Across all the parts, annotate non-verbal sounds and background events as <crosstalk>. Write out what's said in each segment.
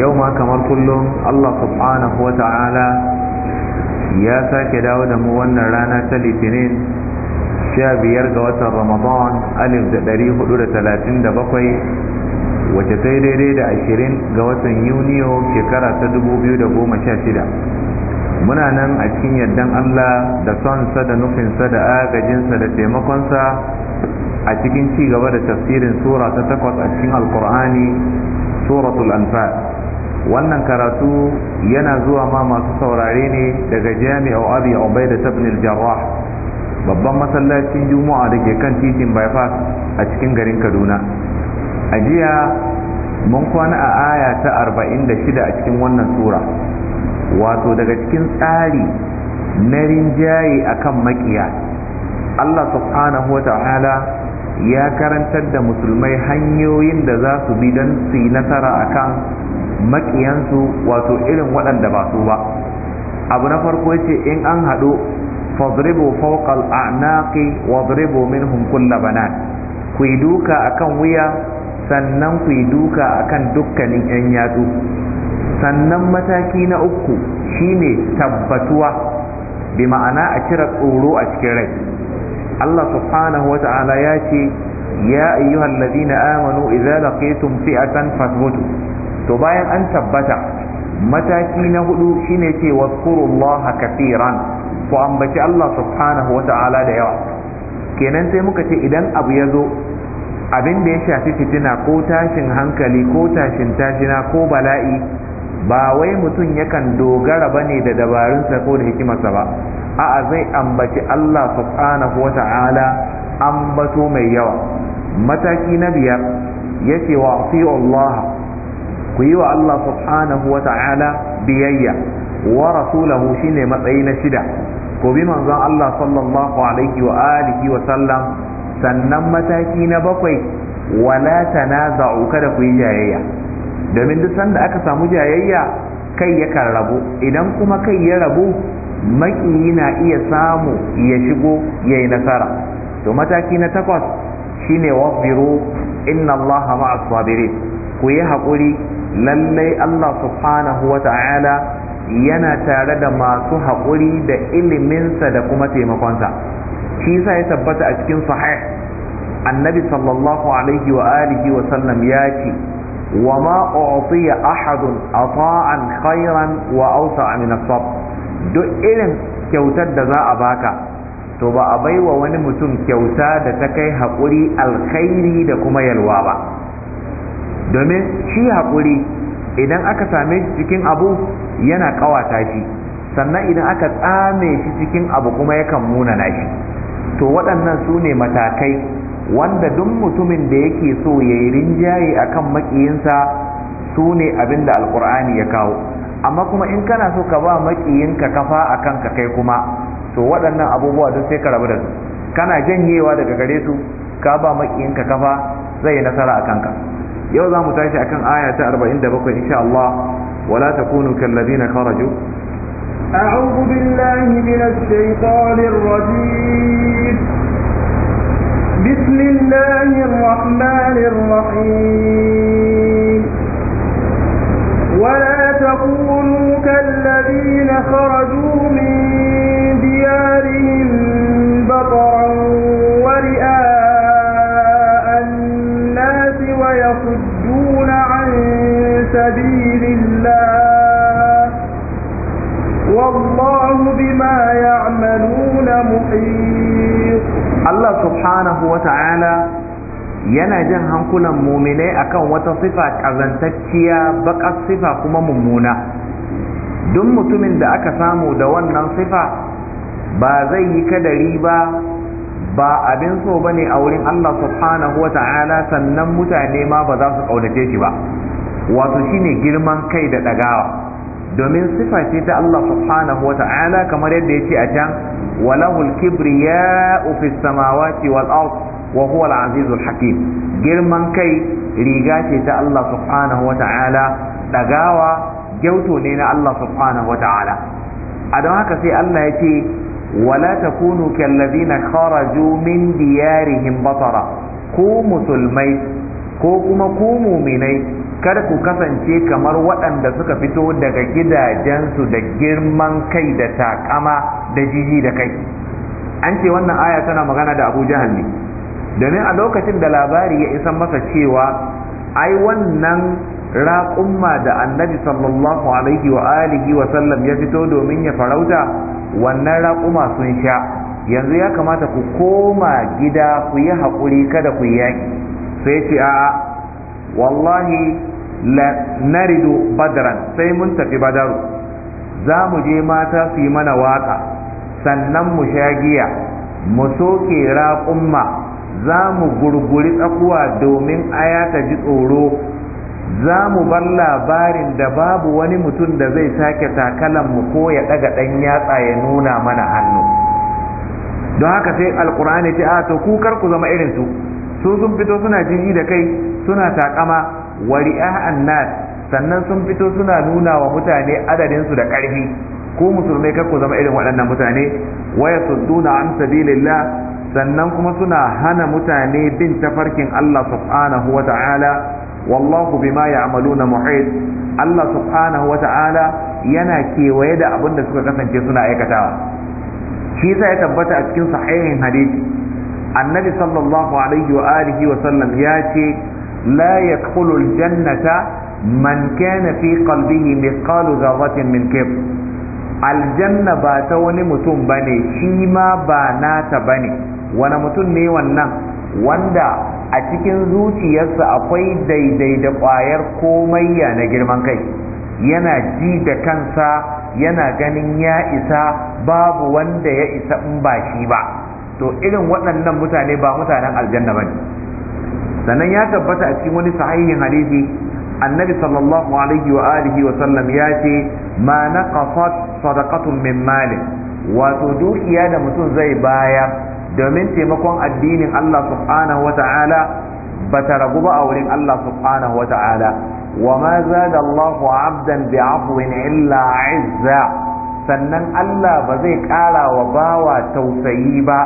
yau ma kamar kullum Allah subhanahu wa ta'ala ya sake dawo da mu wannan rana ta litinin sha biyar ga watan ramadan alif da ɗari hudu da talatin da bakwai wace sai daidai da ashirin ga watan yuniyo shekara ta dubu biyu da goma sha shida muna nan a cikin yardan Allah da sonsa da nufinsa da agajinsa da taimakonsa a cikin ci gaba da tafsirin sura ta takwas a cikin alkur'ani suratul anfal wannan karatu yana zuwa ma masu saurare ne daga jami'a abi ubaida ibn al-jarrah babban masallacin juma'a da ke kan titin bypass a cikin garin kaduna a jiya mun kwana a aya ta 46 a cikin wannan sura wato daga cikin tsari na rinjaye akan makiya allah subhanahu wa ta'ala ya karantar da musulmai hanyoyin da za su bi don su yi nasara a maƙiyansu wato irin waɗanda ba su ba abu na farko ce in an haɗu fadribu fawqal a'naqi wadribu minhum kulla banan ku yi duka akan wuya sannan ku yi duka akan dukkanin yan yatsu sannan mataki na uku shine tabbatuwa bi ma'ana a cire tsoro a cikin rai Allah subhanahu wa ta'ala ya ce ya ayyuhal ladina amanu idza laqitum fi'atan fathbutu to bayan an tabbata mataki na hudu shine ce waskurullaha kafiran ku ambaci Allah subhanahu wa ta'ala da yawa kenan sai muka ce idan abu ya zo abin da ya shafi fitina ko tashin hankali ko tashin tajina ko bala'i ba wai mutum yakan dogara ba ne da dabarunsa ko da hikimarsa ba a'a zai ambaci Allah subhanahu wa ta'ala ambato mai yawa mataki na biyar yace wa Allah ku yi wa Allah subhanahu wa ta'ala biyayya wa rasulahu shine matsayi na shida ku bi manzon Allah sallallahu alaihi wa alihi wa sallam sannan mataki na bakwai wala tanaza'u kada ku yi jayayya domin duk sanda aka samu jayayya kai yakan rabu idan kuma kai ya rabu maki na iya samu ya shigo ya yi nasara to mataki na takwas shine wasbiru inna allaha ma'as sabirin ku yi haƙuri lallai Allah subhanahu wa ta'ala yana tare da masu haƙuri da iliminsa da kuma taimakonsa shi yasa ya tabbata a cikin sahih annabi sallallahu alaihi wa alihi wa sallam ya ce wa ma u'tiya ahadun ata'an khairan wa awsa'a min as-sabr duk irin kyautar da za a baka to ba a baiwa wani mutum kyauta da ta kai haƙuri alkhairi da kuma yalwa ba domin shi haƙuri idan aka same shi cikin abu yana ƙawata shi sannan idan aka tsame shi cikin abu kuma yakan na shi to waɗannan su ne matakai wanda duk mutumin da yake so ya yi rinjaye a kan maƙiyinsa su ne abin da alƙur'ani ya kawo amma kuma in kana so ka ba maƙiyinka kafa a kanka kai kuma to waɗannan abubuwa duk sai ka rabu da su kana janyewa daga gare su ka ba maƙiyinka kafa zai yi nasara a kanka yau za mu tashi akan aya ta 47 insha Allah wala takunu kallazina kharaju أعوذ بالله من الشيطان الرجيم بسم الله الرحمن الرحيم ولا تكونوا كالذين خرجوا من ديارهم سبيل الله والله بما يعملون محيط الله سبحانه وتعالى yana jan hankulan muminai akan wata sifa ƙazantacciya baƙar sifa kuma mummuna duk mutumin da aka samu da wannan sifa ba zai yi kadari ba ba abin so ba ne a wurin Allah subhanahu wa ta'ala sannan mutane ma ba za su ƙaunace shi ba wato shine girman kai da dagawa domin sifa ce ta Allah subhanahu wa ta'ala kamar yadda ya ce a can walahul kibriya fi samawati wal ard wa huwa al azizul hakim girman kai riga ce ta Allah subhanahu wa ta'ala dagawa gyauto ne na Allah subhanahu wa ta'ala a don haka sai Allah ya ce wala takunu kallazina kharaju min diyarihim batara ku musulmai ko kuma ku muminai kada ku kasance kamar waɗanda suka fito daga gidajensu da girman kai da takama da jiji da kai an ce wannan aya tana magana da abu jahal ne domin a lokacin da labari ya isa masa cewa ai wannan raƙumma da annabi sallallahu alaihi wa alihi wa sallam ya fito domin ya farauta wannan raƙuma sun sha yanzu ya kamata ku koma gida ku yi haƙuri kada ku yi yaƙi sai ce a wallahi la naridu badran sai mun tafi badaru za mu je mata su yi mana waka sannan mu sha giya mu soke raƙumma za mu gurguri tsakuwa domin aya ta ji tsoro za mu bar labarin da babu wani mutum da zai sake takalan mu ko ya ɗaga ɗan yatsa ya nuna mana hannu don haka sai alkur'ani ta ato kukar ku zama irin su su sun fito suna jini da kai suna takama wa ri'a'an nas sannan sun fito suna nuna wa mutane adadin su da ƙarfi ko musulmai kar ku zama irin waɗannan mutane waya yasudduna an sabilillah sannan kuma suna hana mutane bin tafarkin Allah subhanahu wa ta'ala wallahu bima ya'maluna muhit Allah subhanahu wa ta'ala yana kewaye da abin da suka kasance suna aikatawa shi yasa ya tabbata a cikin sahihin hadisi annabi sallallahu alaihi wa alihi wa sallam ya ce la yadkhulu aljannata man kana fi qalbihi mithqalu dharratin min kibr aljanna ba ta wani mutum bane shi ma ba nata bane wani mutum ne wannan wanda a cikin zuciyarsa akwai daidai da kwayar ya na girman kai yana ji da kansa yana ganin ya isa babu wanda ya isa in ba shi ba to irin waɗannan mutane ba mutanen aljanna bane sannan ya tabbata a cikin wani sahihin hadisi annabi sallallahu alaihi wa alihi wa sallam ya ce ma naqasat sadaqatun min mali wato dukiya da mutum zai baya domin taimakon addinin Allah subhanahu wa ta'ala bata ragu ba a wurin Allah subhanahu wa ta'ala wa ma zada 'abdan bi'afwin illa 'izza sannan Allah ba zai ƙara wa bawa tausayi ba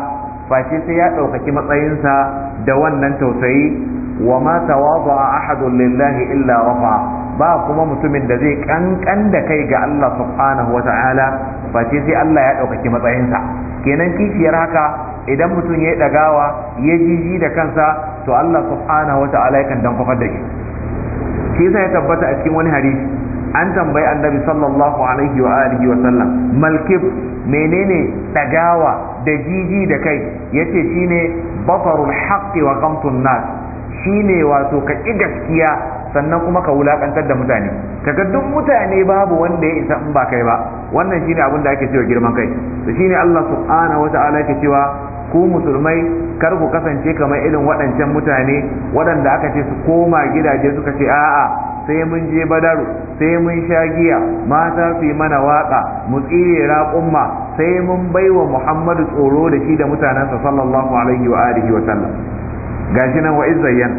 face sai ya ɗaukaki matsayinsa da wannan tausayi wa ma a ahadun lillahi illa rafa ba kuma mutumin da zai kankan da kai ga Allah subhanahu wa ta'ala ce sai Allah ya ɗaukaki matsayinsa kenan kishiyar haka idan mutum ya ɗagawa ya jiji da kansa to Allah subhanahu wa ta'ala ya kan dan da shi shi ya tabbata a cikin wani hadisi an tambayi annabi sallallahu alaihi wa alihi wa sallam malkib menene dagawa da jiji da kai yace shine bafarul haqqi wa qamtun nas shine wato ka ki gaskiya sannan kuma ka wulakantar da mutane kaga duk mutane babu wanda ya isa in ba kai ba wannan shine abin da ake cewa girman kai to shine Allah subhanahu wa ta'ala yake cewa ku musulmai kar ku kasance kamar irin waɗancan mutane waɗanda aka ce su koma gidaje suka ce a'a sai mun je badaru sai mun sha giya mata su mana waka mu tsire raƙumma sai mun baiwa muhammadu tsoro da shi da mutanensa sallallahu alaihi wa alihi wa sallam gashi nan wa izayyan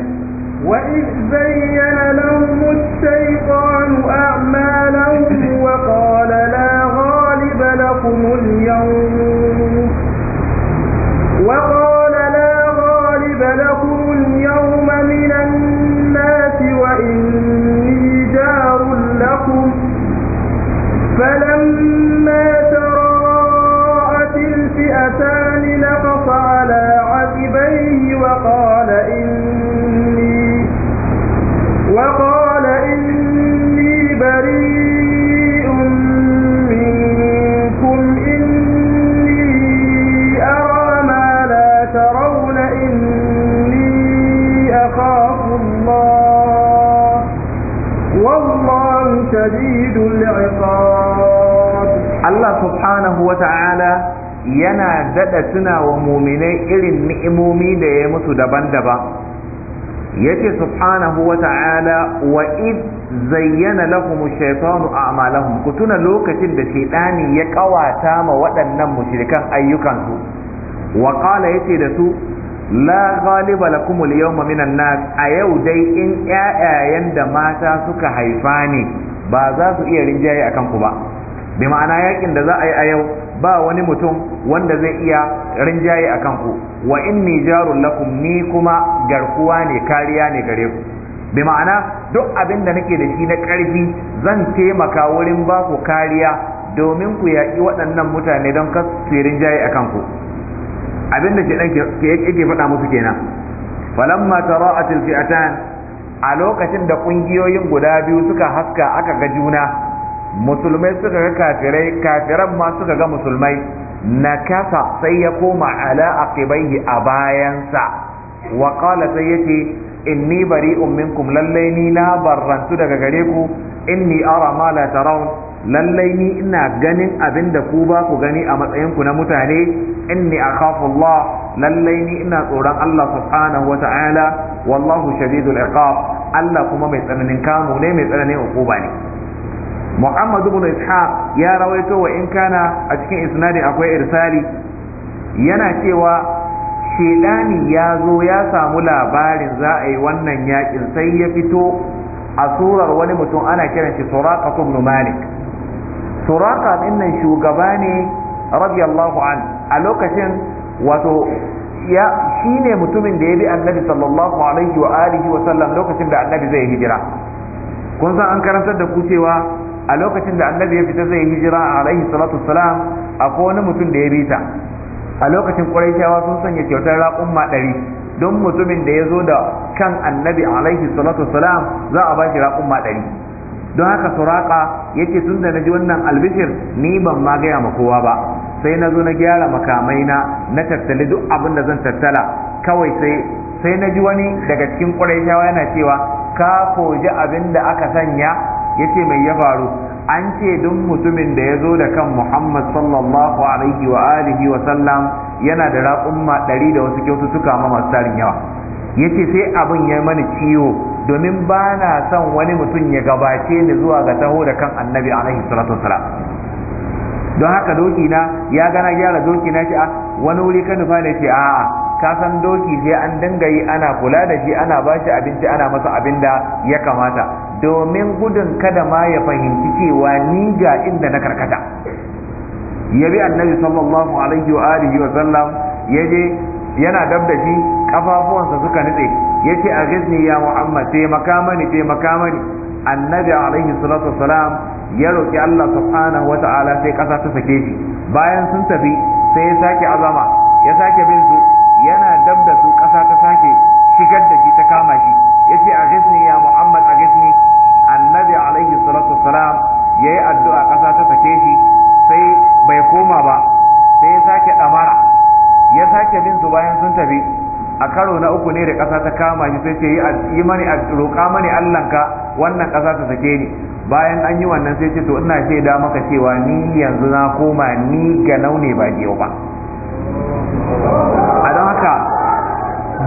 وإذ زين لهم الشيطان أعمالهم وقال لا غالب لكم اليوم وقال لا غالب لكم اليوم من الناس إني جار لكم فلما تراءت الفئتان نقص على عقبيه وقال Allah subhanahu الله سبحانه yana daɗa tuna wa muminai irin ni'imomi da ya musu daban-daban yace subhanahu wa ta'ala wa id zayyana lahum shaytanu a'malahum ku tuna lokacin da shaytani ya ƙawata ma waɗannan mushrikan ayyukansu wa qala yace da su la ghaliba lakum al-yawma nas a yau dai in ƴaƴayen da mata suka haifa ne ba za su iya rinjaye a kanku ba bi ma'ana yakin da za a yi a yau ba wani mutum wanda zai iya rinjaye a kanku wa in ni jarun lakum ni kuma garkuwa ne kariya ne gare ku bi ma'ana duk abin da nake da shi na ƙarfi zan taimaka wurin ba ku kariya domin ku yaƙi waɗannan mutane don kas su rinjaye a kanku abin da ke faɗa musu kenan falamma tara'atil fi'atan a lokacin da ƙungiyoyin guda biyu suka haska aka ga juna musulmai suka ga kafirai kafiran ma suka ga musulmai na kasa sai ya koma ala aqibaihi a bayansa wa qala sai yace inni bari minkum lallai ni na barrantu daga gare ku inni ara ma la lallai ni ina ganin abin da ku ba ku gani a matsayin ku na mutane inni akhafu Allah lallai ni ina tsoron Allah subhanahu wallahu shadidul iqab Allah kuma mai tsananin kamu ne mai tsananin hukuma ne Muhammad ibn Ishaq ya rawaito wa in kana a cikin isnadin akwai irsali yana cewa shedani ya zo ya samu labarin za a yi wannan yakin sai ya fito a surar wani mutum ana kiran shi suraka ibn malik suraka din nan shugaba ne radiyallahu an a lokacin wato ya ne mutumin da ya bi annabi sallallahu alaihi wa alihi wa sallam lokacin da annabi zai hijira kun san an karantar da ku cewa a lokacin da annabi ya fita zai hijira alaihi salatu wassalam akwai wani mutum da ya bi ta a lokacin quraishawa sun sanya kyautar raƙumma ɗari don mutumin da ya zo da kan annabi alaihi salatu wassalam za a bashi shi raƙumma ɗari don haka suraka yake tun da naji wannan albishir ni ban ma gaya ma kowa ba sai na zo na gyara makamai na na tattali duk abin da zan tattala kawai sai sai na ji wani daga cikin shawa yana cewa ka koji abin da aka sanya ya ce mai ya faru an ce duk mutumin da ya zo da kan muhammad sallallahu alaihi wa alihi wa sallam yana da raƙumma ɗari da wasu kyaututtuka ma masu tarin yawa ya ce sai abin ya mani ciwo domin ba na son wani mutum ya gabace ni zuwa ga taho da kan annabi alaihi salatu wasalam don haka doki na ya gana gyara doki na shi a wani wuri ka nufa ne ce a'a ka san doki sai an dinga yi ana kula da shi ana ba shi abinci ana masa abin da ya kamata domin gudun kada ma ya fahimci cewa ni ga inda na karkata ya bi annabi sallallahu alaihi wa alihi wa sallam yaje yana dab da shi kafafuwansa suka nutse yace ce a gizni ya muhammad sai makamani sai makamani annabi alaihi salatu wasalam ya roki Allah subhanahu ta'ala sai kasa ta sake shi bayan sun tafi sai ya sake azama ya sake bin su yana dab su kasa ta sake shigar da shi ta kama shi ce a gisni ya Muhammad a gisni annabi alaihi salatu wassalam yayi addu'a kasa ta sake shi sai bai koma ba sai ya sake damara ya sake bin su bayan sun tafi a karo na uku ne da ƙasa ta kama shi sai ce yi mani a roƙa mani Allahnka wannan ƙasa ta sake ni bayan an yi wannan sai ce to ina shaida maka cewa ni yanzu na koma ni ga naune ba ke ba a don haka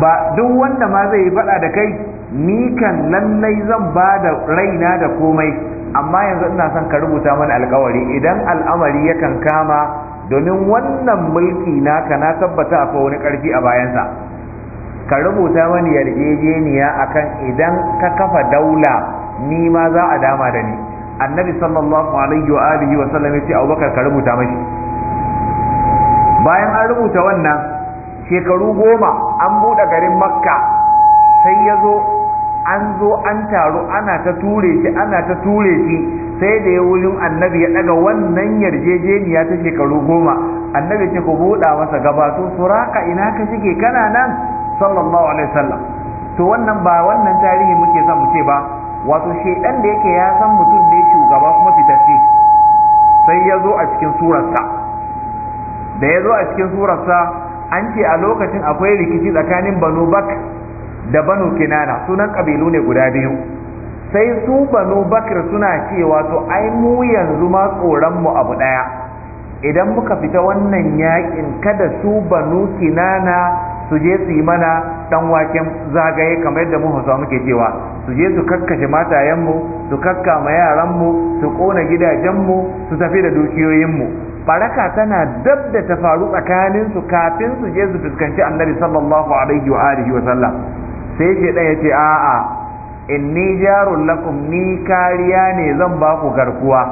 ba duk wanda ma zai yi faɗa da kai ni kan lallai zan ba da raina da komai amma yanzu ina son ka rubuta mani alkawari idan al'amari yakan kama domin wannan mulki naka na tabbata akwai wani karfi a bayansa ka rubuta mani yarjejeniya akan idan ka kafa daula ni ma za a dama da ni annabi sallallahu alaihi wa alihi wa sallam ya ce abubakar ka rubuta mashi bayan an rubuta wannan shekaru goma an buɗe garin makka sai ya zo an zo an taru ana ta ture shi ana ta ture shi sai da ya wurin annabi ya daga wannan yarjejeniya ta shekaru goma annabi ce ku buɗa masa gabato suraka ina ka shige kana nan sallallahu alaihi wasallam to wannan ba wannan tarihi muke son mu ce ba wato shedan da yake ya san mutum ne shugaba kuma fitacce sai ya zo a cikin surarsa da ya zo a cikin surarsa an ce a lokacin akwai rikici tsakanin banu bak da banu kinana sunan kabilu ne guda biyu sai su banu bakir suna cewa to ai mu yanzu ma tsoron mu abu daya idan muka fita wannan yakin kada su banu kinana su je su yi mana dan waken zagaye kamar yadda mu hausa muke cewa su je su kakkashe matayenmu su kakkama yaranmu su kona gidajenmu su tafi da dukiyoyinmu baraka tana dab da ta faru tsakanin su kafin su je su fuskanci annabi sallallahu alaihi wa alihi wa sallam sai shi ya ce a'a inni jarul lakum ni kariya ne zan ba ku garkuwa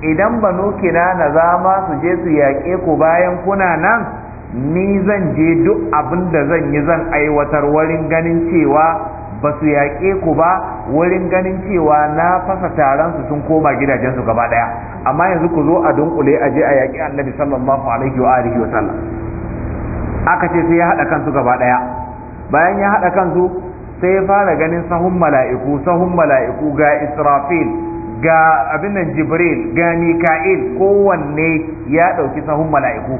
idan banu kina na zama su je su yaƙe ku bayan kuna nan ni zan je duk abin da zan yi zan aiwatar wurin ganin cewa ba su yaƙe ku ba wurin ganin cewa na fasa taron su sun koma gidajensu gaba ɗaya amma yanzu ku zo a dunkule a je a yaƙi annabi sallallahu alaihi wa alihi wa sallam aka ce sai ya haɗa kansu gaba ɗaya bayan ya haɗa kansu sai ya fara ganin sahun mala'iku sahun mala'iku ga israfil ga abin nan jibril ga mika'il kowanne ya ɗauki sahun mala'iku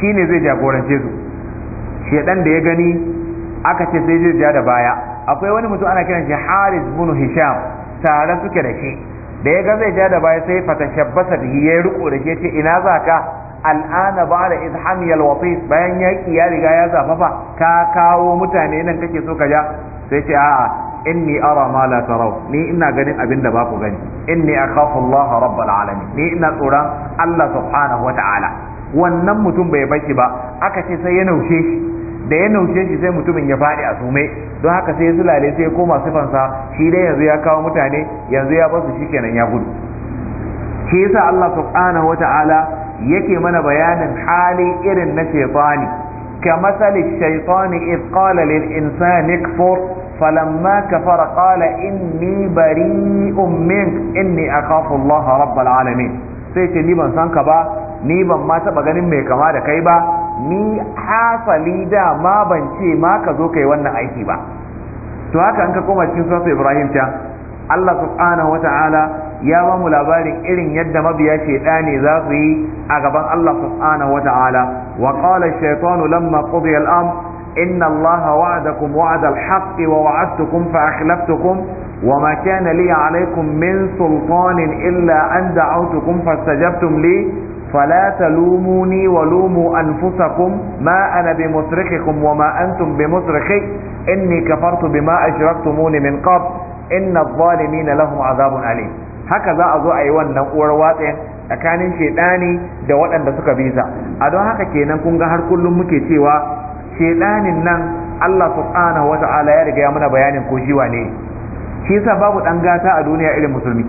shi ne zai jagorance su shedan da ya gani aka ce sai zai ja da baya akwai wani mutum ana kiran shi haris bin hisham tare suke da shi da ya ga zai ja da baya sai fata shabbasa da ya riko da shi ce ina za ka al'ana ba da izham yalwafi bayan yaƙi ya riga ya zafafa ka kawo mutane nan kake so ka ja sai ce a'a inni ara ma la taraw ni ina ganin abin da ba ku gani inni akhafu Allah rabbul alamin ni ina tsoron Allah subhanahu wa ta'ala wannan mutum bai baki ba aka ce sai ya naushe shi da ya naushe shi sai mutumin ya faɗi a sumai don haka sai ya sulale sai ya koma sifansa shi dai yanzu ya kawo mutane yanzu ya basu shi kenan ya gudu shi yasa Allah subhanahu wata'ala yake mana bayanin hali irin na shaytani كمثل الشيطان إذ قال للإنسان اكفر فلما كفر قال إني بريء منك إني أخاف الله رب العالمين sai ce ni ban san ka ba ni ban ma taɓa ganin mai kama da kai ba ni hasali da ma ban ce ma ka zo kai wannan aiki ba to haka an ka koma cikin suratul ibrahim ta Allah subhanahu ya ba mu labarin irin yadda mabiya shedani za su yi a gaban Allah subhanahu wata'ala wa qala ash-shaytanu lamma qudiya al-amr إن الله وعدكم وعد الحق ووعدتكم فأخلفتكم وما كان لي عليكم من سلطان إلا أن دعوتكم فاستجبتم لي فلا تلوموني ولوموا أنفسكم ما أنا بمصرخكم وما أنتم بمصرخي إني كفرت بما أشركتموني من قبل إن الظالمين لهم عذاب أليم هكذا أزو أيوان نقور واطع tsakanin shedani da waɗanda suka biza a don haka kenan kun ga har kullum muke cewa shedanin nan Allah subhanahu wata'ala ya riga ya muna bayanin ko shi wane shi yasa babu dan gata a duniya irin musulmi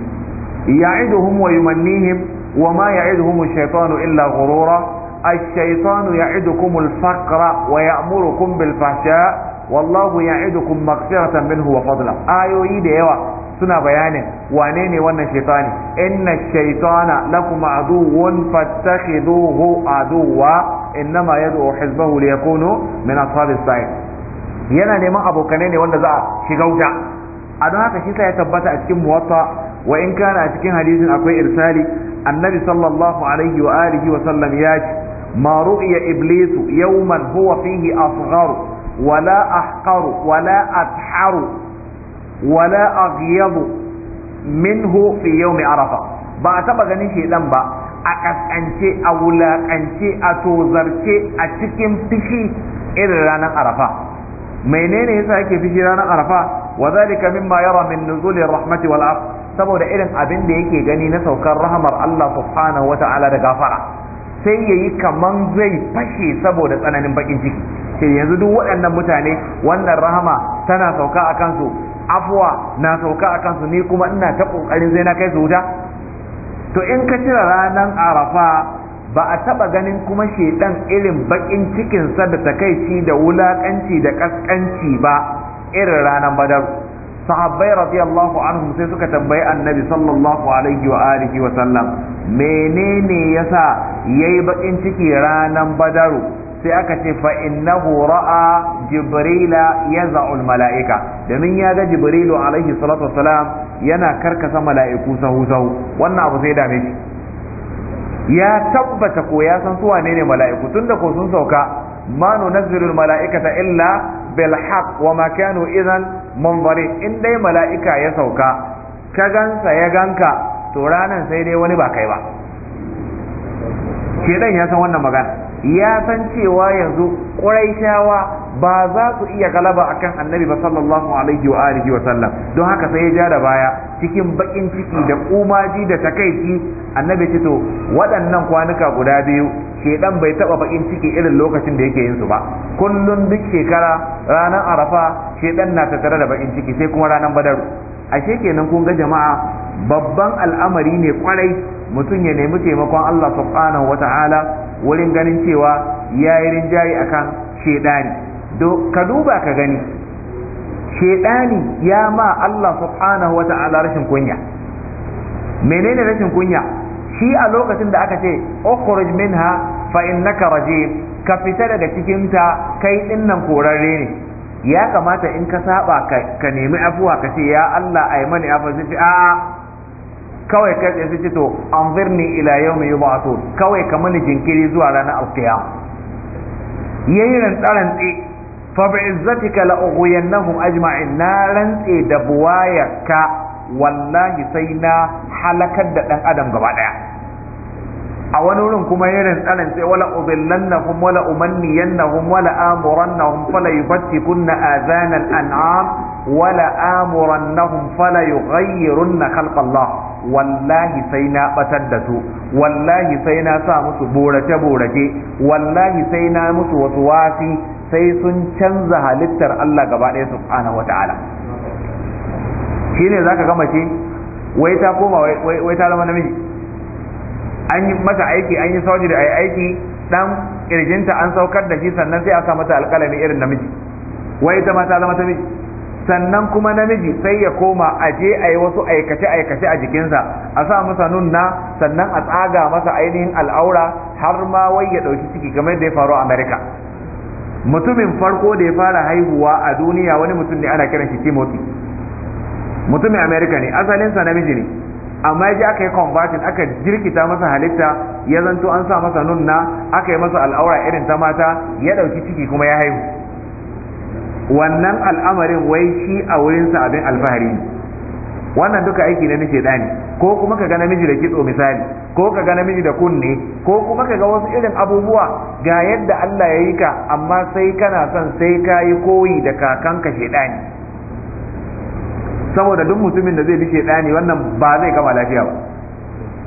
ya'iduhum wa yumannihim وما يعدهم الشيطان إلا غرورا الشيطان يعدكم الفقر ويأمركم بالفحشاء والله يعدكم مغفرة منه وفضلا آيو إيد إيوا سنة بيانة وانيني وانا الشيطان إن الشيطان لكم عدو فاتخذوه عدوا إنما يدعو حزبه ليكونوا من أصحاب السعيد ينا نما أبو كانيني وانا ذا شغوجا أدناك شيطا يتبتأ كم وطأ wa kana a cikin hadisin akwai irsali annabi sallallahu alaihi wa alihi wa sallam ya ce iblisu yawman huwa fihi asgharu wala ahqaru wala atharu wala aghyabu minhu fi yawmi arafa ba a taɓa ganin shedan ba a kaskance a wulaƙance a tozarce a cikin fishi irin ranar arafa menene yasa yake fishi ranar arafa wa zalika mimma yara min nuzuli rahmati wal afw saboda irin abin da yake gani na saukar rahamar Allah subhanahu wata'ala da gafara sai ya yi kaman zai fashe saboda tsananin bakin ciki sai yanzu duk waɗannan mutane wannan rahama tana sauka a kansu afuwa na sauka a kansu ni kuma ina ta ƙoƙarin zai na kai su wuta to in ka cire ranar arafa ba a taba ganin kuma shedan irin bakin cikinsa da takaici da wulakanci da kaskanci ba irin ranar badaru sahabbai radiyallahu anhum sai suka tambayi annabi sallallahu alaihi wa alihi wa sallam menene yasa yayi bakin ciki ranan badaru sai aka ce fa innahu ra'a jibrila yaz'u malaika domin ya ga jibrilu alaihi salatu wassalam yana karkasa mala'iku sahu sahu wannan abu sai dame shi ya tabbata ko ya san su wane ne mala'iku tunda ko sun sauka ma nunazzilul mala'ikata illa bil haqq wa ma kanu idan munzarin in dai mala'ika ya sauka ka gansa ya ganka to ranan sai dai wani ba kai ba shedan ya san wannan magana ya san cewa yanzu ƙuraishawa ba za su iya galaba akan annabi ba sallallahu alaihi wa alihi wa sallam don haka sai ya ja da baya cikin bakin ciki da kumaji da takaici annabi ce to waɗannan kwanuka guda biyu shedan bai taba bakin ciki irin lokacin da yake yin su ba kullum duk shekara ranar arafa shedan na tattare da bakin ciki sai kuma ranar badar ashe kenan kun ga jama'a babban al'amari ne kwarai mutum ya nemi taimakon Allah subhanahu ta'ala wurin ganin cewa ya yi rinjaye akan shaidani, do ka duba ka gani shaidani ya ma Allah subhanahu ta'ala rashin kunya menene rashin kunya shi a lokacin da aka ce ukhruj minha fa innaka rajim ka fita daga cikin ta kai dinnan korarre ne ya kamata in ka saba ka nemi afuwa ka ce ya Allah ai mani afuwa zai a kawai kai tsaye su ce to anzirni ila yawmi yub'athun kawai ka mani jinkiri zuwa ranar alqiyam yayi rantsaran tsi fa bi'izzatika la ughwiyannahum ajma'in na rantse da buwayarka wallahi sai na halakar da dan adam gaba daya a wani wurin kuma yayin tsanan sai wala udillannahum wala umanniyannahum wala amurannahum fala yubattikunna azanal an'am wala amurannahum fala yughayyirunna khalqa Allah wallahi sai na batar da su wallahi sai na sa musu borace borace wallahi sai na musu wasu wasi sai sun canza halittar Allah gaba ɗaya subhanahu ne za ka gama mace wai ta koma wai ta zama namiji an yi mata aiki an yi sauji da ai aiki dan kirjinta an saukar da shi sannan sai aka mata alƙalami irin namiji wai ta ma ta zama ta sannan kuma namiji sai ya koma a je a yi wasu aikace-aikace a jikinsa a sa masa nunna sannan a tsaga masa ainihin al'aura har ma wai ya ɗauki ciki game da ya faru a amerika mutumin farko da ya fara haihuwa a duniya wani mutum ne ana kiran shi timothy mutumin amerika ne asalinsa namiji ne amma ya aka yi convertin aka jirkita masa halitta ya zanto an sa masa nunna aka yi masa al'aura irin ta mata ya ɗauki ciki kuma ya haihu wannan al'amarin wai shi a wurinsa abin alfahari ne wannan duka aiki na da dani ko kuma ka ga namiji da kitso misali ko ka ga namiji da kunne ko kuma ka ga wasu irin abubuwa ga yadda Allah ya yi ka amma sai kana son sai ka yi koyi da kakanka shedani saboda duk mutumin da zai bi shedani wannan ba zai gama lafiya ba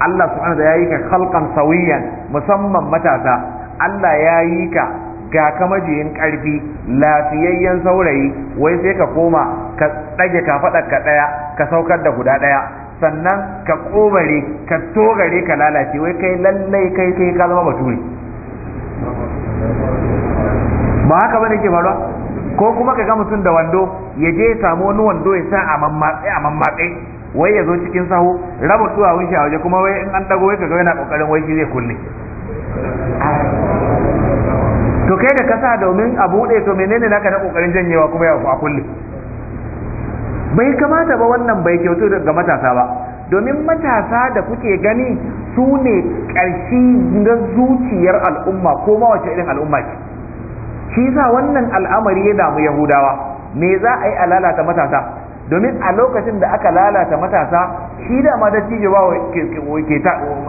Allah subhanahu wa ta'ala ya yi ka khalqan sawiyan musamman matasa Allah ya yi ka ga ka majiyin ƙarfi lafiyayyen saurayi wai sai ka koma ka ɗage faɗa ka ɗaya ka saukar da guda ɗaya sannan ka ƙobare ka togare ka lalace wai kai lallai kai kai ka zama bature ba haka bane ke faruwa ko kuma ka ga mutum da wando ya je ya samu wani wando ya sa a mammatse a mammatse wai ya zo cikin sahu raba duwawun shi a waje kuma wai in an dago wai kaga yana ƙoƙarin wai shi zai kulle to kai da kasa domin a buɗe to menene naka na kokarin janyewa kuma ya a kulle bai kamata ba wannan bai kyautu ga matasa ba domin matasa da kuke gani su ne ƙarshi na zuciyar al'umma ko ma wace irin al'umma ce shi sa wannan al'amari ya damu yahudawa me za a yi a lalata matasa domin a lokacin da aka lalata matasa shi da ma dattijo ba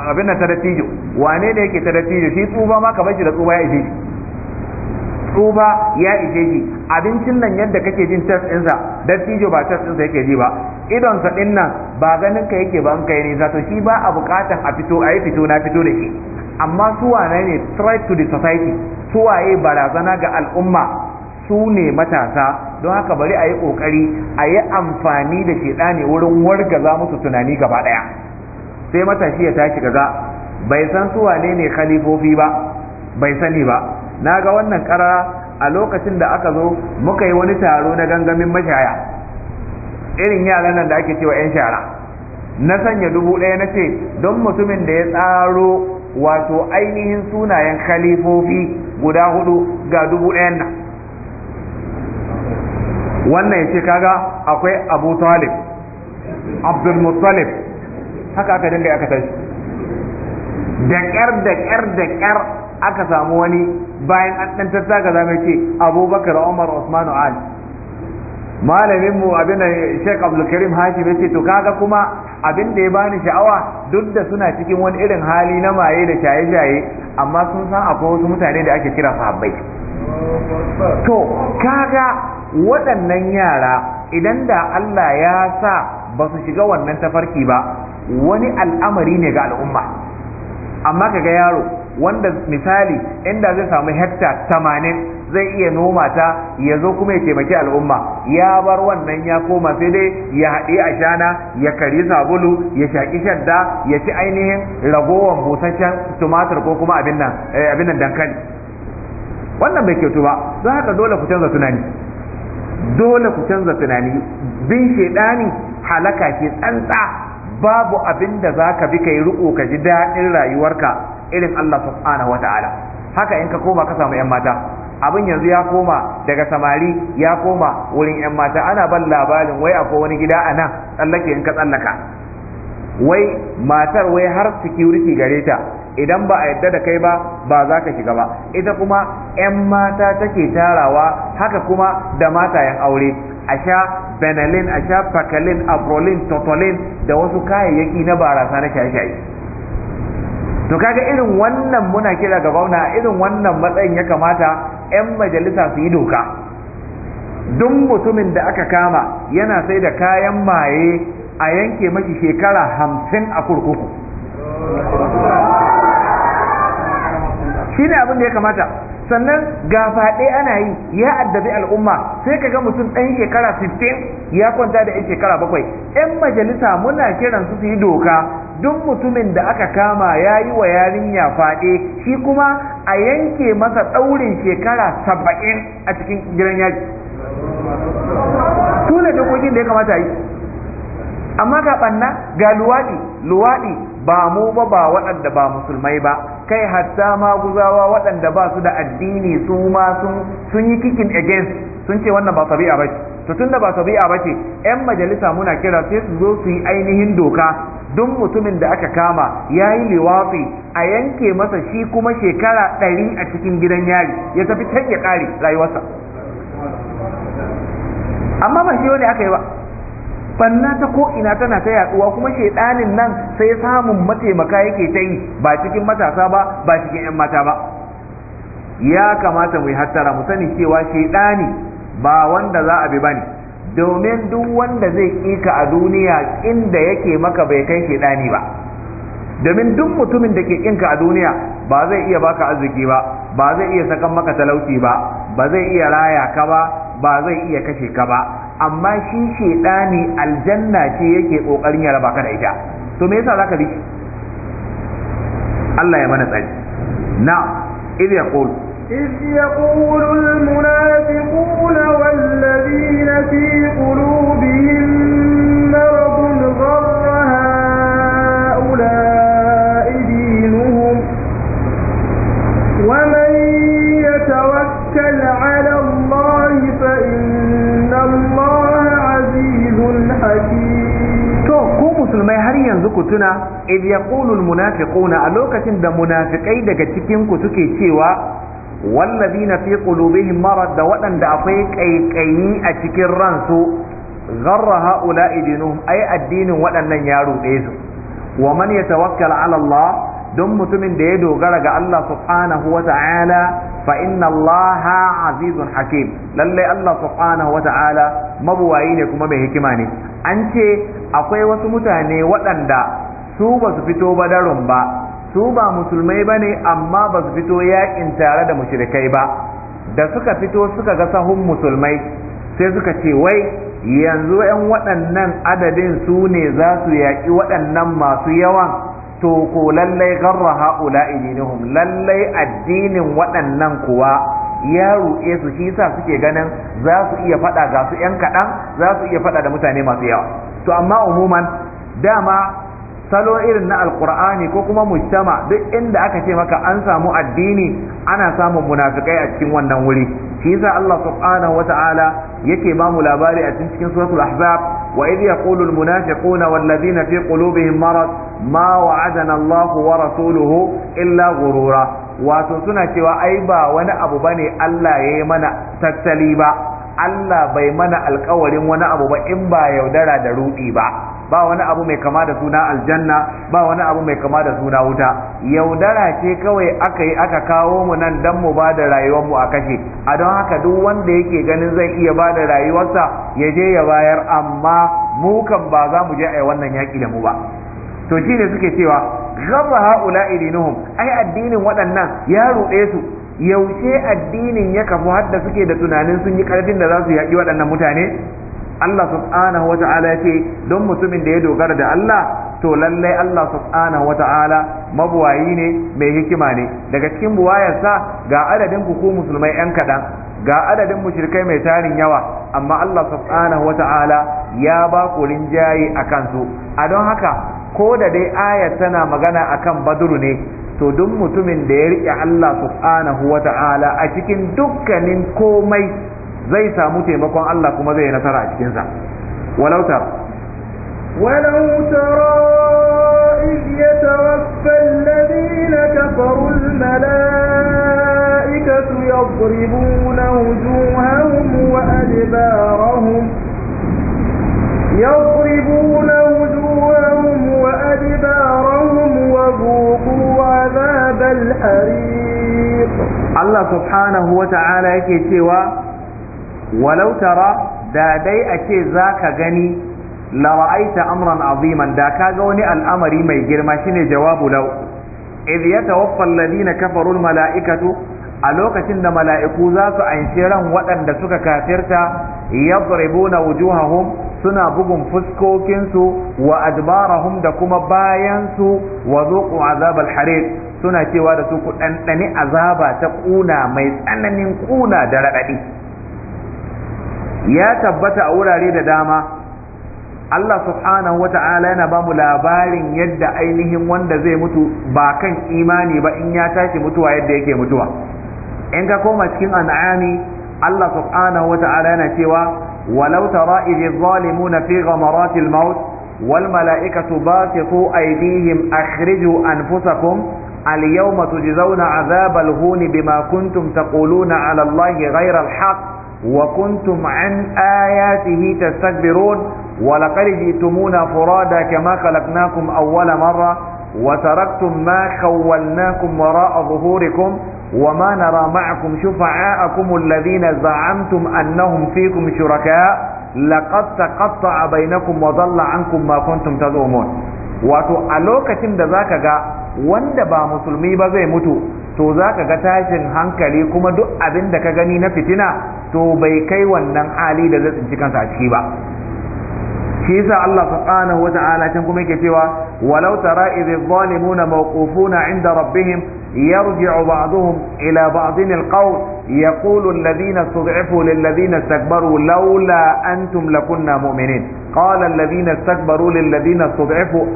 abin nan ta dattijo wane ne yake ta dattijo shi tsufa ma ka bar shi da tsuba ya ishe shi tsufa ya ishe shi abincin nan yadda kake jin tas ɗinsa dattijo ba tas ɗinsa yake ji ba idonsa ɗin nan ba ganin ka yake ba in kai nisa to shi ba a buƙatan a fito a yi fito na fito da shi amma su wane ne threat to the society su waye barazana ga al'umma su ne matasa don haka bari a yi ƙoƙari a yi amfani da ɗane wurin wargaza musu tunani gaba ɗaya sai matashi ya tashi gaza bai san su wane ne khalifofi ba bai sani ba na ga wannan ƙara a lokacin da aka zo muka yi wani taro na gangamin mashaya irin yaran nan da ake cewa 'yan shara na sanya dubu ɗaya na ce don mutumin da ya tsaro wato ainihin sunayen khalifofi guda hudu ga dubu ɗayan nan wannan ya ce kaga akwai abu talib abdulmuttalib haka aka dinga aka tashi da ƙyar da ƙyar da ƙyar aka samu wani bayan an dan tattaka za mai ce abubakar umar usman ali malamin mu abin sheikh abdulkarim hashim ya ce to kaga kuma abin da ya bani sha'awa duk da suna cikin wani irin hali na maye da shaye-shaye amma sun san akwai wasu mutane da ake kira sahabbai to kaga waɗannan yara idan da Allah ya sa ba su shiga wannan tafarki ba wani al'amari ne ga al'umma amma kaga yaro wanda misali inda zai samu hekta tamanin zai iya noma ta ya zo kuma ya taimaki al'umma ya bar wannan ya koma sai dai ya haɗe a shana ya kari sabulu ya shaƙi shadda ya ci ainihin ragowar busasshen tumatur ko kuma eh, abin nan dankali wannan bai kyautu ba don haka dole ku canza tunani dole ku canza tunani bin shaidani halaka ke tsantsa babu abin da za ka bi ka yi riko ka ji daɗin rayuwarka irin Allah subhanahu wataala haka in ka koma ka samu yan mata abin yanzu ya koma daga samari ya koma wurin yan mata ana ban labarin wai akwai wani gida a nan tsallake in ka tsallaka wai matar wai har security gare ta idan ba a yadda da kai ba ba za ka shiga ba ita kuma yan mata take tarawa haka kuma da matayen aure a sha benelin a sha pakalin abrolin totolin da wasu kayayyaki na barasa na shaye-shaye to kaga irin wannan muna kira ga gwamna irin wannan matsayin ya kamata 'yan majalisa su yi doka duk mutumin da aka kama yana sai da kayan maye a yanke mashi shekara hamsin a kurkuku shi ne abin da ya kamata sannan ga faɗe ana yi ya addabi al'umma sai ka ga mutum ɗan shekara 15 ya kwanta da 'yan shekara bakwai 'yan majalisa muna kiransu su su yi doka duk mutumin da aka kama ya yi wa yarinya faɗe shi kuma a yanke masa ɗaurin shekara saba'in a cikin gidan yaki tuna dokokin da ya kamata yi amma ga ɓanna ga luwaɗi luwaɗi ba mu ba ba waɗanda ba musulmai ba kai hatta ma guzawa waɗanda ba su da addini su ma sun yi kikin against sun ce wannan ba tabi'a ba ce to tunda ba tabi'a ba ce 'yan majalisa muna kira sai su zo su yi ainihin doka duk mutumin da aka kama ya yi liwafi a yanke masa shi kuma shekara ɗari a cikin gidan yari ya tafi can ya ƙare rayuwarsa amma ba shi wani aka yi ba banna ta ko ina tana ta yaduwa kuma shaidanin nan sai samun mataimaka yake ta yi ba cikin matasa ba ba cikin 'yan mata ba ya kamata mu yi hattara mu sani cewa shaidani ba wanda za a bi bane domin duk wanda zai ƙika a duniya inda yake maka bai kai dani ba domin duk mutumin da ke ƙinka a duniya ba zai iya baka arziki ba ba zai iya sakan maka talauci ba ba zai iya raya ka ba ba zai iya kashe ka ba amma shi ɗani aljanna ce yake ƙoƙarin ya raba ka da ita to me yasa zaka bi Allah ya mana tsari na idh yaqul إذ يقول المنافقون والذين في قلوبهم مرض غر هؤلاء دينهم ومن يتوكل على الله فإن الله عزيز حكيم musulmai har yanzu ku tuna idh yaqulu almunafiquna a lokacin da munafikai daga cikin ku suke cewa wallazina fi qulubihim marad da waɗanda akwai kaikayi a cikin ransu gharra haula'i dinuhum ai addinin waɗannan ya ruɗe su wa man yatawakkal ala Allah don mutumin da ya dogara ga Allah subhanahu wa ta'ala fa inna Allah azizun hakim lallai Allah subhanahu wa ta'ala mabuwayi ne kuma mai hikima ne an ce akwai wasu mutane waɗanda su ba su fito badarun ba su ba musulmai bane amma ba su fito yakin tare da mushrikai ba da suka fito suka ga sahun musulmai sai suka ce wai yanzu 'yan waɗannan adadin su ne za su yaƙi waɗannan masu yawan to ko lallai garra haula lallai addinin waɗannan kuwa ya ruɗe su shi sa suke ganin za su iya faɗa ga su ƴan kaɗan za su iya faɗa da mutane masu yawa to amma umuman dama salo irin na alkur'ani ko kuma mujtama duk inda aka ce maka an samu addini ana samun munafikai a cikin wannan wuri shi yasa Allah subhanahu wata'ala yake ba mu labari a cikin suratul ahzab wa idh yaqulu almunafiquna walladhina fi qulubihim marad ma wa'adana Allah wa rasuluhu illa ghurura wato suna cewa ai ba wani abu bane Allah yayi mana tattali ba Allah bai mana alkawarin wani abu ba in ba yaudara da rudi ba ba wani abu mai kama da suna aljanna ba wani abu mai kama da suna wuta yaudara ce kawai aka yi aka kawo mu nan dan mu ba da rayuwar mu a kashe a don haka duk wanda yake ganin zai iya ba da rayuwarsa ya je ya bayar amma mu kan ba za mu je a wannan yaki da mu ba to shi ne suke cewa gaba haula ilinuhum ai addinin waɗannan ya ruɗe su yaushe addinin ya kafu hadda suke da tunanin sun yi karfin da za su yaƙi waɗannan mutane Allah subhanahu wa ta'ala ya ce don mutumin da ya dogara da Allah to lallai Allah subhanahu wa ta'ala mabuwayi ne mai hikima ne daga cikin buwayarsa ga adadin ku musulmai yan kaɗan ga adadin mushrikai mai tarin yawa amma Allah subhanahu wa ta'ala ya ba ku rinjaye a kansu a don haka ko da dai ayat tana magana akan baduru ne to duk mutumin da ya riƙe Allah subhanahu wa ta'ala a cikin dukkanin komai zai samu taimakon Allah kuma zai nasara a cikinsa walau tara walau tara iz yatawaffa alladhina kafaru almalaikatu yadribuna wujuhahum wa adbarahum يضربون وجوههم وأدبارهم وذوقوا عذاب الحريق الله سبحانه وتعالى يكي walau tara da dai a ce za ka gani la amran aziman da ka ga wani al'amari mai girma shine jawabu law idh yatawaffa alladhina kafaru almala'ikatu a lokacin da mala'iku za su anshi ran waɗanda suka kafirta yadribuna wujuhahum suna bugun fuskokinsu wa adbarahum da kuma bayansu wa zuqu azabal harir suna cewa da su ku ɗanɗani azaba ta ƙuna mai tsananin ƙuna da raɗaɗi ya tabbata a wurare da dama Allah subhanahu wa ta'ala yana ba mu labarin yadda ainihin wanda zai mutu ba kan imani ba in ya tashi mutuwa yadda yake mutuwa in ka koma cikin an'ami Allah subhanahu wa ta'ala yana cewa walau tara idh zalimuna fi ghamaratil maut wal mala'ikatu basitu aydihim akhriju anfusakum al yawma tujzauna 'adhabal huni bima kuntum taquluna 'ala Allahi ghayra al haqq وكنتم عن آياته تستكبرون ولقد جئتمونا فرادا كما خلقناكم أول مرة وتركتم ما خولناكم وراء ظهوركم وما نرى معكم شفعاءكم الذين زعمتم أنهم فيكم شركاء لقد تقطع بينكم وضل عنكم ما كنتم تزعمون wato a lokacin da zaka ga wanda ba musulmi ba zai mutu to zaka ga tashin hankali kuma duk abin da ka gani na fitina to bai kai wannan hali da zai tsinci kansa a ciki ba shi yasa Allah subhanahu wata'ala can kuma yake cewa walau tara idh zalimuna mawqufuna 'inda rabbihim yarji'u ba'dhum ila ba'dhin alqawl yaqulu alladhina istud'ifu lilladhina istakbaru laula antum lakunna mu'minin qala alladhina istakbaru lilladhina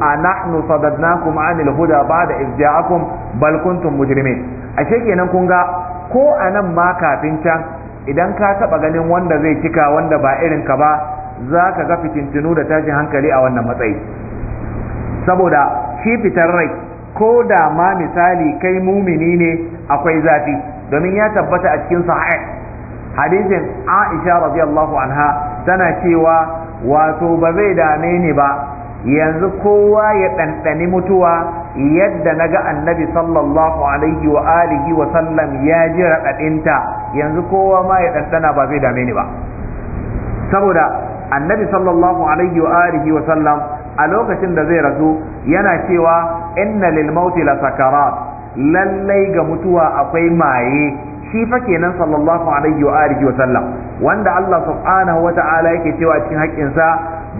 a nahnu sadadnakum 'anil huda ba'da idh ja'akum bal kuntum mujrimin ashe kenan kun ga ko anan ma kafin can idan ka taɓa ganin wanda zai cika wanda ba irin ka ba za ka ga fitintinu da tashin hankali a wannan matsayi saboda shi fitar rai ko da ma misali kai mumini ne akwai zafi domin ya tabbata a cikin sahih hadisin aisha radiyallahu anha tana cewa wato ba zai dame ni ba yanzu kowa ya ɗanɗani mutuwa yadda na ga annabi sallallahu alaihi wa alihi wa sallam ya ji raɗaɗinta yanzu kowa ma ya ɗanɗana ba zai dame ni ba saboda annabi sallallahu alaihi wa alihi wa sallam a lokacin da zai rasu yana cewa inna lil mauti la sakarat lallai ga mutuwa akwai maye shi fa kenan sallallahu alaihi wa alihi wa sallam wanda Allah subhanahu wa ta'ala yake cewa cikin haƙƙinsa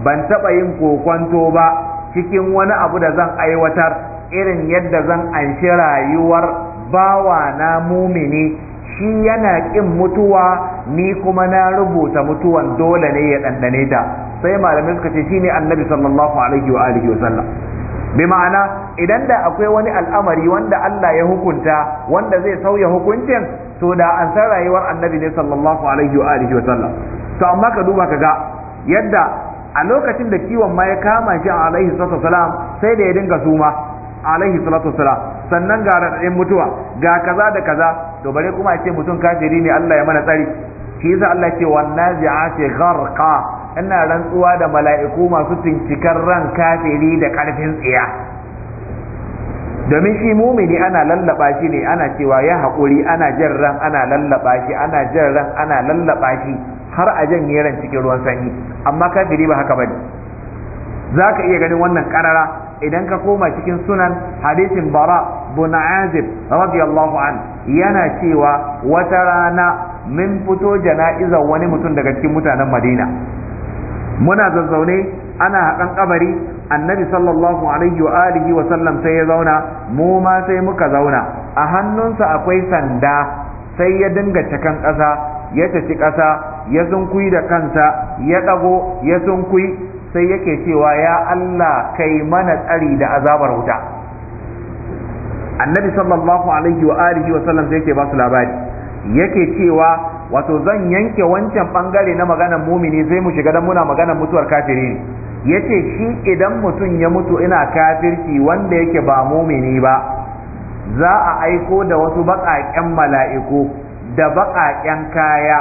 ban taɓa yin kokwanto ba cikin wani abu da zan aiwatar irin yadda zan anshi rayuwar bawa na mumini shi yana ƙin mutuwa ni kuma na rubuta mutuwan dole ne ya ɗanɗane ta sai malamai suka ce shine annabi sallallahu alaihi wa alihi wasallam bi ma'ana idan da akwai wani al'amari wanda Allah ya hukunta wanda zai sauya hukuncin to da an san rayuwar annabi ne sallallahu alaihi wa alihi wasallam to amma ka duba kaga yadda a lokacin da kiwon ma ya kama shi a alaihi salatu wasalam sai da ya dinga suma alaihi salatu wasalam sannan ga raɗaɗin mutuwa ga kaza da kaza to bare kuma a ce mutum kafiri ne Allah ya mana tsari shi yasa Allah ce wannan zi'ati gharqa ina rantsuwa da mala'iku masu tincikar ran kafiri da karfin tsiya domin shi mumini ana lallaba shi ne ana cewa ya haƙuri ana jan ran ana lallaba shi ana jan ran ana lallaba shi har a jan yaran cikin ruwan sanyi amma kafiri ba haka bane za ka iya ganin wannan karara idan ka koma cikin sunan hadisin bara bin azib radiyallahu an yana cewa wata rana min fito jana'izar wani mutum daga cikin mutanen madina muna zazzaune ana haƙan kabari annabi sallallahu alaihi wa alihi wa sallam sai ya zauna mu ma sai muka zauna a hannunsa akwai sanda sai ya dinga cakan ƙasa ya tafi ƙasa ya sunkuyi da kansa ya ɗago ya sunkuyi sai yake cewa ya Allah kai mana tsari da azabar wuta annabi sallallahu alaihi wa alihi wa sallam sai yake ba su labari yake cewa wato zan yanke wancan bangare na maganar mumini zai mu shiga dan muna maganar mutuwar kafiri ne yace shi idan mutum ya mutu ina kafirci wanda yake ba mumini ba za a aiko da wasu baƙaƙen mala'iku da baƙaƙen kaya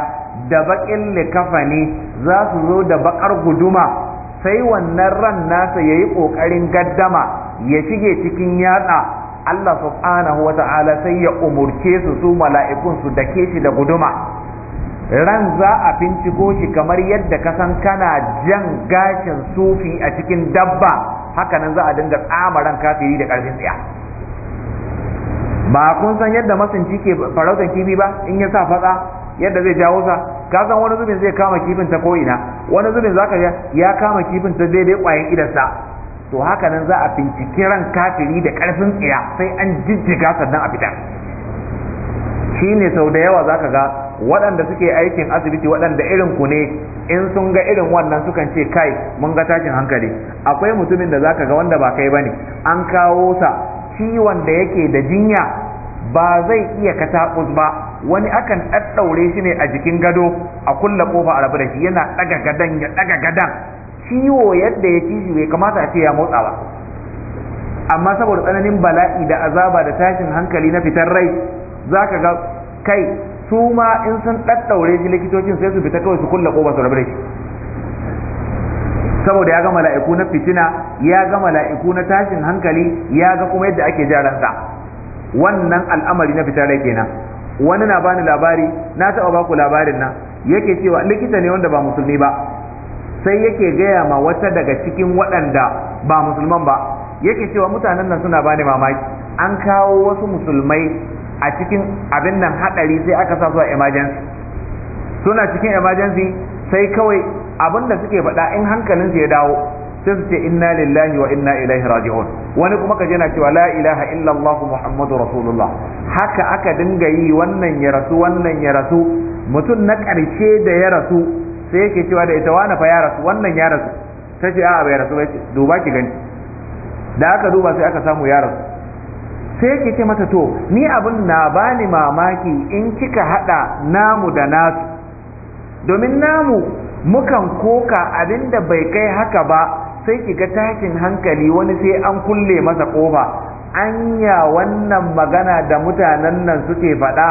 da baƙin likafani za su zo da baƙar guduma sai wannan ran nasa ya yi ƙoƙarin gaddama ya shige cikin yatsa Allah subhanahu wa sai ya umurce su su mala'ikun su dake shi da guduma ran za a binciko shi kamar yadda ka san kana jan gashin sufi a cikin dabba hakanan za a dinga tsama ran kafiri da ƙarfin tsiya ba kun san yadda masunci ke farautar kifi ba in ya sa fatsa yadda zai jawo sa ka san wani zubin zai kama kifin ta ko'ina wani zubin zaka ga ya kama kifin ta daidai kwayan idarsa to haka nan za a binciki ran kafiri da karfin tsaya sai an jijjiga sannan a Shi ne sau da yawa zaka ga waɗanda suke aikin asibiti waɗanda irin ku ne in sun ga irin wannan sukan ce kai mun ga tashin hankali akwai mutumin da zaka ga wanda ba kai bane an kawo sa ciwon da yake da jinya ba zai iya katakus ba wani akan ɗaɗɗaure shi ne a jikin gado a kulla kofa a rabu da shi yana ɗaga gadan ya ɗaga gadan ciwo yadda ya ci ya kamata a ce ya motsa ba amma saboda tsananin bala'i da azaba da tashin hankali na fitar rai za ka ga kai su ma in sun ɗaɗɗaure shi likitocin sai su fita kawai su kulla kofa su rabu da shi saboda ya ga mala'iku na fitina ya ga mala'iku na tashin hankali ya ga kuma yadda ake jaransa wannan al'amari na fitare kenan wani na bani labari na taɓa baku labarin nan yake cewa likita ne wanda ba musulmi ba sai yake gaya ma wata daga cikin waɗanda ba musulman ba yake cewa mutanen nan suna bani mamaki an kawo wasu musulmai a cikin abin nan haɗari sai aka sa su a emergency suna cikin emergency sai kawai abinda suke faɗa in hankalin su ya dawo sai su ce inna lillahi wa inna ilaihi raji'un wani kuma kaje na cewa la ilaha illallah muhammadu rasulullah haka aka dinga yi wannan ya rasu wannan ya rasu mutum na ƙarshe da ya rasu sai yake cewa da ita wani fa ya rasu wannan ya rasu ta ce a'a bai rasu ba duba ki gani da aka duba sai aka samu ya rasu sai yake ce mata to ni abin na bani mamaki in kika hada namu da nasu domin namu mukan koka abinda bai kai haka ba sai kiga tashin hankali wani sai an kulle masa kofa anya wannan magana da mutanen nan suke faɗa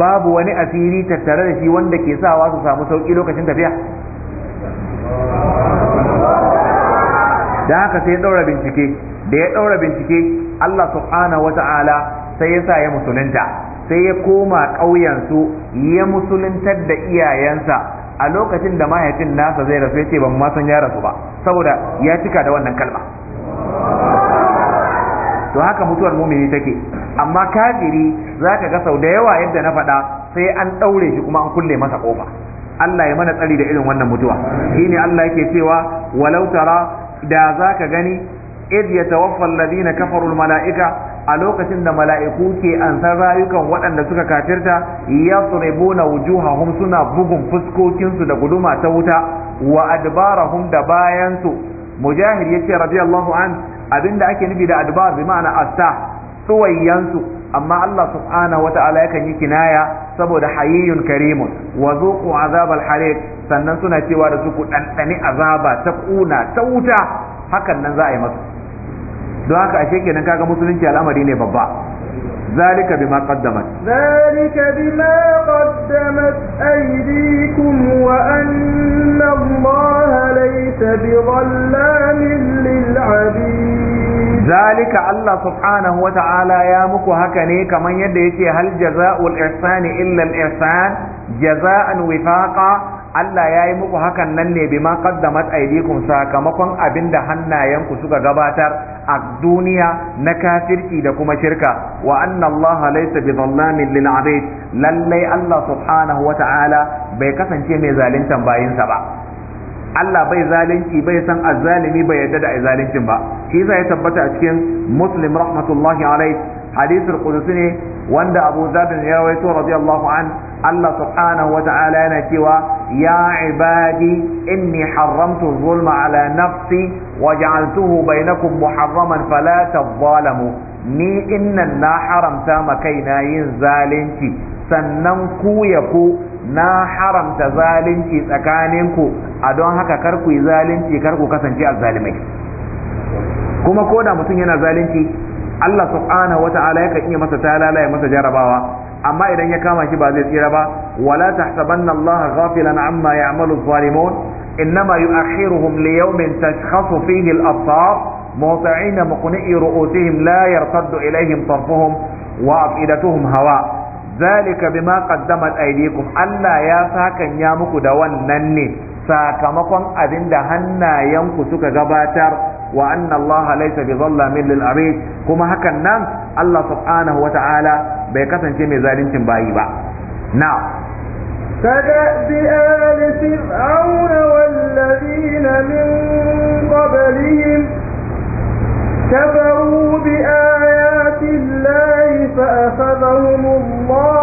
babu wani asiri tattare da shi wanda ke sawa su samu sauƙi lokacin tafiya da haka sai ya ɗaura bincike da ya ɗaura bincike Allah subhanahu wa ta'ala sai ya sa ya musulunta sai ya koma ƙauyensu ya musuluntar da iyayensa a lokacin da mahaifin nasa zai rasu yace ban ma san ya rasu ba saboda ya cika da wannan kalma to haka mutuwar mumini take amma kafiri za zaka ga sau da yawa yadda na faɗa sai an ɗaure shi kuma an kulle masa ƙofa. Allah ya mana tsari da irin wannan mutuwa shine Allah yake cewa walau tara da zaka gani id yatawaffa alladhina kafarul mala'ika. a lokacin da mala'iku ke ansar rayukan waɗanda suka kafirta yadribuna wujuhahum suna bugun fuskokinsu da guduma ta wuta wa adbarahum da bayansu mujahid yace radiyallahu an abinda ake nufi da adbar bi ma'ana asta tsuwayyansu amma Allah subhanahu wata'ala yakan yi kinaya saboda hayyun karimun wa zuqu azabal hariq sannan suna cewa da su ku ɗanɗani azaba ta kuna ta wuta hakan nan za a yi masu don haka ashe kenan kaga musulunci al'amari ne babba ذلك بما قدمت ذلك بما قدمت أيديكم وأن الله ليس بظلام للعبيد ذلك الله سبحانه وتعالى يا مكو هكني كمن يدي هل جزاء الإحسان إلا الإحسان جزاء وفاقا Allah ya yi muku hakan nan ne bima qaddamat aydikum sakamakon abin da hannayenku suka gabatar a duniya na kafirci da kuma shirka wa anna Allah laysa bi dhallamin lil abid lallai Allah subhanahu wa ta'ala bai kasance mai zaluntan bayinsa ba Allah bai zalunci bai san azzalimi bai yadda da ai zaluncin ba shi yasa ya tabbata a cikin Muslim rahmatullahi alaihi hadisul qudsi ne wanda Abu Zar ya rawaito radiyallahu an Allah subhanahu wata'ala yana cewa ya ibadi inni haramtu zulma ala nafsi wa ja'altuhu bainakum muharraman fala tadhalamu ni innan na haramta ma na yin zalunci sannan ku ya ku na haramta zalunci tsakaninku a don haka kar ku yi zalunci kar ku kasance azzalimai kuma ko da mutum yana zalunci Allah subhanahu wata'ala yakan iya masa talala ya masa jarabawa amma idan ya kama shi ba zai tsira ba wala tahsabanna Allah ghafilan amma ya'malu zalimun innama yu'akhiruhum li yawmin tashkhasu fihi al-absar مهطعين مقنئي رؤوسهم لا يرتد إليهم طرفهم وأفئدتهم هواء ذلك بما قدمت أيديكم ألا يا ساكن يا مكو دوان نني sakamakon abin da hannayenku suka gabatar wa anna Allah laysa bi zallamin lil abid kuma hakan nan Allah subhanahu wata'ala bai kasance mai zalincin bayi ba na كدأب آل فرعون والذين من قبلهم كفروا بآيات الله فأخذهم الله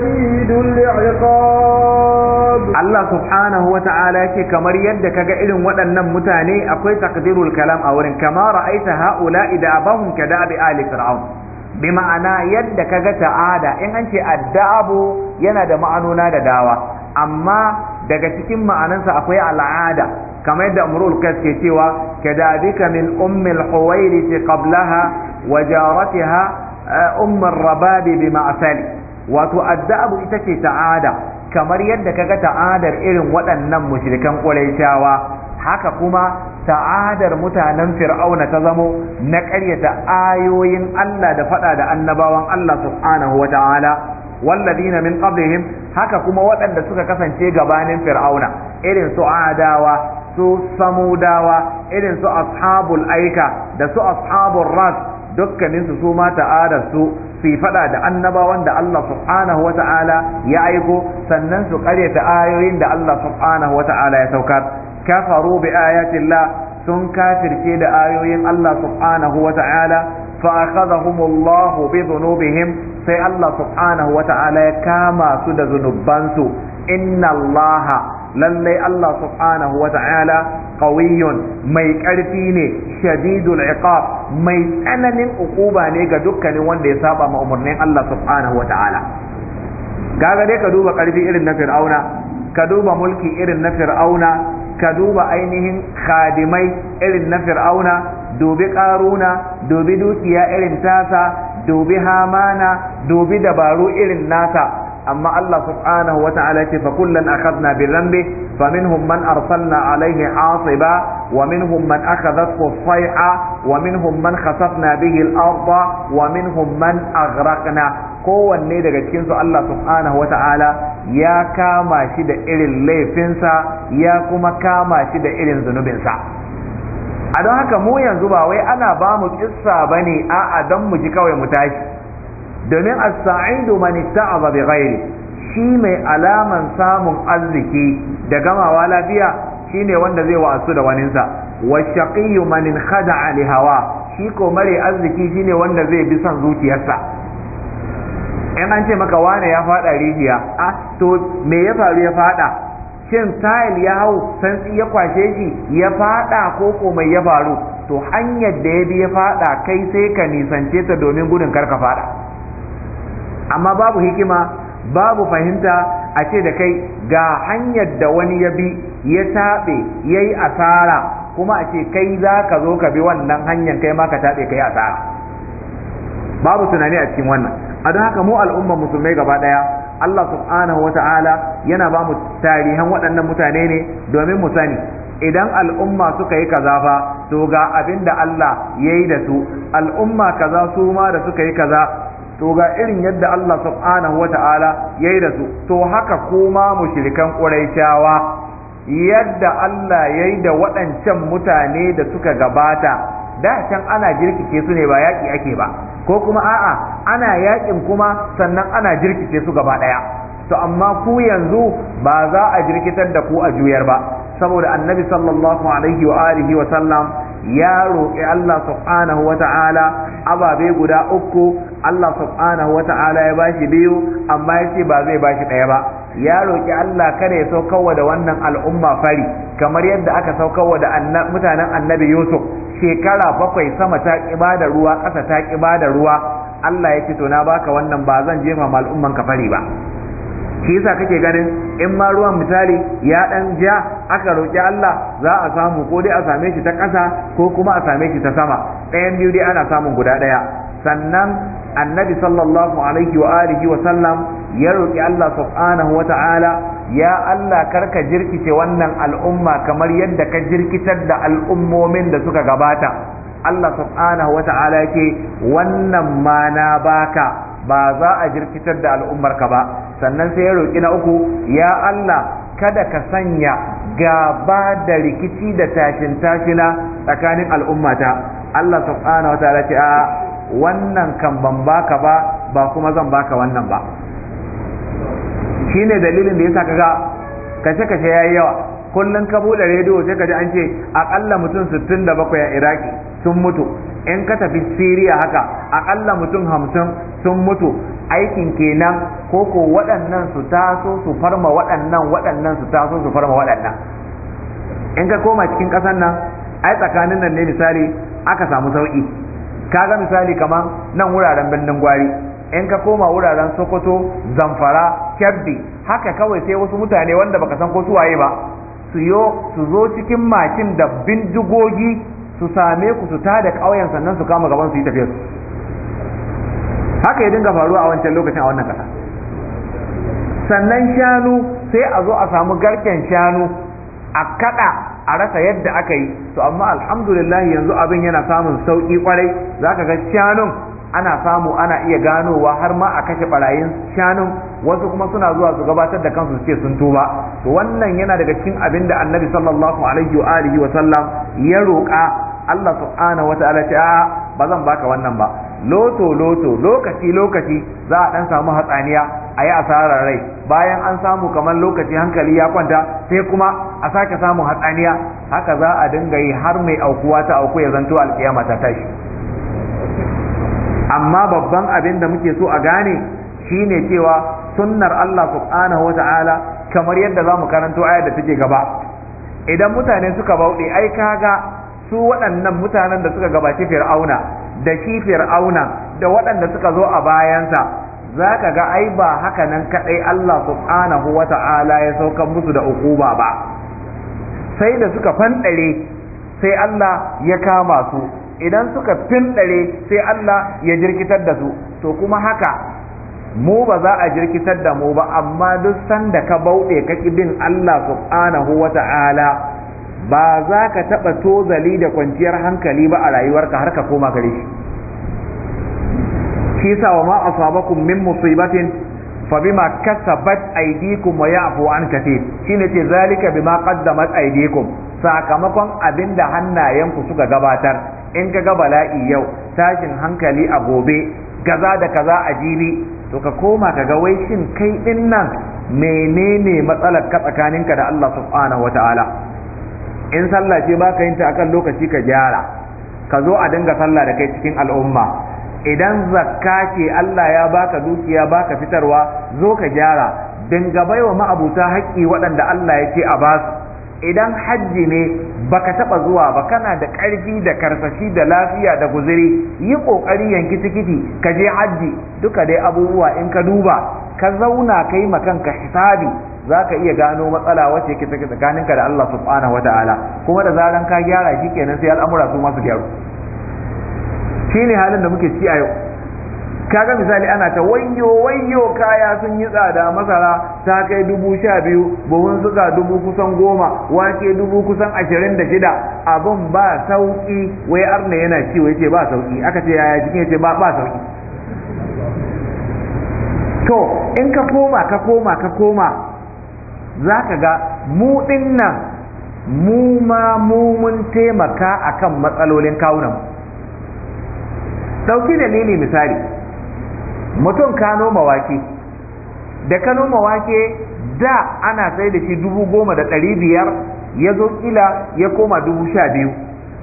شديد العقاب الله سبحانه وتعالى yake kamar yadda kaga irin waɗannan mutane akwai taqdirul kalam a wurin kama ra'aita haula idza abahum kadabi ali fir'aun bi ma'ana yadda kaga ta'ada in an ce addabu yana da ma'anona da dawa amma daga cikin ma'anansa akwai al'ada kamar yadda umrul qas ke cewa kadabika min ummil huwailati qablaha wa jaratiha umm rababi rabab wato adda'abu ita ce ta'ada kamar yadda kaga ta'adar irin waɗannan mushrikan ƙurayshawa haka kuma ta'adar mutanen fir'auna ta zamo na ƙaryata ayoyin Allah da faɗa da annabawan Allah subhanahu wa ta'ala walladina min qablihim haka kuma waɗanda suka kasance gabanin fir'auna irin su adawa su samudawa irin su ashabul aika da su ashabul ras dukkaninsu su ma ta'adar su su fada da annabawan da Allah subhanahu wa ta'ala ya aiko sannan su karyata ayoyin da Allah subhanahu wa ta'ala ya saukar kafaru bi ayatillah sun kafirce da ayoyin Allah subhanahu wa ta'ala fa akhadhahumullahu bi dhunubihim sai Allah subhanahu wa ta'ala ya kama su da zunubansu inna Allah lallai Allah subhanahu wa ta'ala qawiyyun mai ƙarfi ne shadidul iqab mai tsananin ukuba ne ga dukkanin wanda ya saba ma umarnin Allah subhanahu wataala kaga dai ka duba ƙarfi irin na fir'auna ka duba mulki irin na fir'auna ka duba ainihin khadimai irin na fir'auna dubi ƙaruna dubi dukiya irin tasa dubi hamana dubi dabaru irin nasa amma Allah subhanahu wa ta'ala ce fa kullan akhadna bi dhanbi fa minhum man arsalna alayhi hasiba wa minhum man akhadathu as-sayha wa minhum man khasafna bihi al-ardha wa minhum man aghraqna kowanne daga cikin su Allah subhanahu wa ta'ala ya kama shi da irin laifinsa ya kuma kama shi da irin zunubinsa a don haka mu yanzu ba wai ana bamu mu kissa bane a'a don mu kawai mu tashi domin a sa’in saidu ta a bi gairi shi mai alaman samun arziki da gamawa lafiya shine wanda zai wasu da waninsa wa shaqiyyu manin khada'a li hawa shi ko mare arziki shine wanda zai bi son zuciyarsa in an ce maka wane ya fada rijiya a to me ya faru ya fada shin tayil ya hau santsi ya kwashe shi ya fada ko ko mai ya faru to hanyar da ya bi ya fada kai sai ka nisance ta domin gudun karka fada amma babu hikima babu fahimta a ce da kai ga hanyar da wani ya bi ya taɓe ya yi asara kuma a ce kai za ka zo ka bi wannan hanyar kai ma ka taɓe ka yi asara babu tunani a cikin wannan a don haka mu al'umma musulmai gaba ɗaya Allah subhanahu wa ta'ala yana ba mu tarihan waɗannan mutane ne domin mu sani idan al'umma suka yi kaza fa to ga abinda Allah ya yi da su al'umma kaza su ma da suka yi kaza to ga irin yadda Allah subhanahu wata'ala yayi da su to haka kuma mushrikan quraishawa yadda Allah yayi da waɗancan mutane da suka gabata da can ana jirkice su ne ba yaƙi ake ba ko kuma a'a ana yaƙin kuma sannan ana jirkice su gaba ɗaya to amma ku yanzu ba za a jirkitar da ku a juyar ba saboda annabi sallallahu alaihi wa alihi wa sallam ya roƙi Allah subhanahu wa ta'ala ababe guda uku Allah subhanahu wa ta'ala ya bashi biyu amma ya ce ba zai bashi ɗaya ba ya roƙi Allah kada ya saukarwa da wannan al'umma fari kamar yadda aka saukarwa da mutanen annabi Yusuf shekara bakwai sama ta ƙiba da ruwa ƙasa ta ƙiba da ruwa Allah ya ce to na baka wannan ba zan jefa ma al'umman ka fari ba shi yasa kake ganin in ma ruwan misali ya ɗan ja aka roƙi Allah za a samu ko dai a same shi ta ƙasa ko kuma a same shi ta sama ɗayan biyu dai ana samun guda ɗaya sannan annabi sallallahu alaihi wa alihi wa sallam ya roki Allah subhanahu wa ta'ala ya Allah karka jirkice wannan al'umma kamar yadda ka jirkitar da al'ummomin da suka gabata Allah subhanahu wa ta'ala wannan ma na baka ba za a jirkitar da al'ummarka ba sannan sai ya roki na uku ya Allah kada ka sanya gaba da rikici da tashin tashina tsakanin al'ummata Allah subhanahu wa ta'ala ce a wannan kan ban baka ba ba kuma zan baka wannan ba shine dalilin da yasa kaga kace kace yayi yawa kullun ka bude rediyo sai kaji an ce akalla mutum 67 a Iraki sun mutu in ka tafi Siriya haka akalla mutum hamsin sun mutu aikin kenan ko ko waɗannan su taso su farma waɗannan waɗannan su taso su farma waɗannan in ka koma cikin ƙasar nan ai tsakanin nan ne misali aka samu sauƙi Ka ga misali kaman nan wuraren birnin gwari in ka koma wuraren sokoto zamfara kebbi haka kawai sai wasu mutane wanda baka san ko su waye ba su yo su zo cikin makin da bindigogi su same ku su tada ƙauyen sannan su kama gaban su yi tafiya haka ya dinga faruwa a wancan lokacin a wannan ƙasa sannan shanu sai a zo a samu garken shanu a kada a rasa yadda aka yi to amma alhamdulillah yanzu abin yana samun sauki kwarai za ka ga shanun ana samu ana iya ganowa har ma a kashe barayin shanun wasu kuma suna zuwa su gabatar da kansu ce sun tuba to wannan yana daga cikin abin da annabi sallallahu alaihi wa alihi wa sallam ya roƙa Allah subhanahu wataala ce a ba zan baka wannan ba loto loto lokaci lokaci za a dan samu hatsaniya a yi asarar rai bayan an samu kamar lokaci hankali ya kwanta sai kuma a sake samun hatsaniya haka za a dinga yi har mai aukuwa ta auku ya zanto alkiyama ta tashi amma babban abin da muke so a gane shine cewa sunnar Allah subhanahu wa ta'ala kamar yadda za mu karanto aya da take gaba idan mutane suka bauɗe ai kaga su waɗannan mutanen da suka gabaci fir'auna da shi fir'auna da waɗanda suka zo a bayansa za ka ga ai ba haka nan kaɗai Allah subhanahu wa ta'ala ya sauka musu da ukuba ba sai da suka fanɗare sai Allah ya kama su idan suka finɗare sai Allah ya jirkitar da su to kuma haka mu ba za a jirkitar da mu ba amma duk sanda ka bauɗe ka bin Allah subhanahu wa ta'ala ba za ka taɓa tozali da kwanciyar hankali ba a rayuwarka har ka koma gare shi shi sa wa ma asabakum min musibatin fa bima kasabat aydikum wa ya'fu an katir shine ce zalika bima qaddamat aydikum sakamakon abinda hannayenku suka gabatar in ka ga bala'i yau tashin hankali a gobe kaza da kaza a jibi to ka koma ka ga wai shin kai din nan menene matsalar ka tsakaninka da Allah subhanahu wataala in sallah ce baka yin ta akan lokaci ka gyara ka zo a dinga sallah da kai cikin al'umma idan zakka ce Allah ya baka dukiya baka fitarwa zo ka gyara dinga baiwa ma'abuta haƙƙi waɗanda Allah ya ce a basu idan hajji ne baka taba zuwa ba kana da ƙarfi da karsashi da lafiya da guziri yi ƙoƙari yanki tikiti ka je hajji duka dai abubuwa in ka duba ka zauna kai ka hisabi Zaka iya gano matsala wacce yake take tsakaninka da Allah subhanahu wataala kuma da zaran ka gyara shi kenan sai al'amura su masu gyaru shi ne halin da muke ci a yau kaga misali ana ta wayyo wayyo kaya sun yi tsada masara ta kai dubu sha biyu buhun suka dubu kusan goma wake dubu kusan ashirin da shida abin ba sauki wai arna yana ci wai ce ba sauki aka ce yaya jikin yace ce ba ba sauki to in ka koma ka koma ka koma za ka ga mu nan mu ma mu mun taimaka kan matsalolin kawunan ɗauki dalili misali mutum ka noma wake da ka noma wake da ana sai da shi dubu goma da ɗari biyar ya zo kila ya koma dubu sha biyu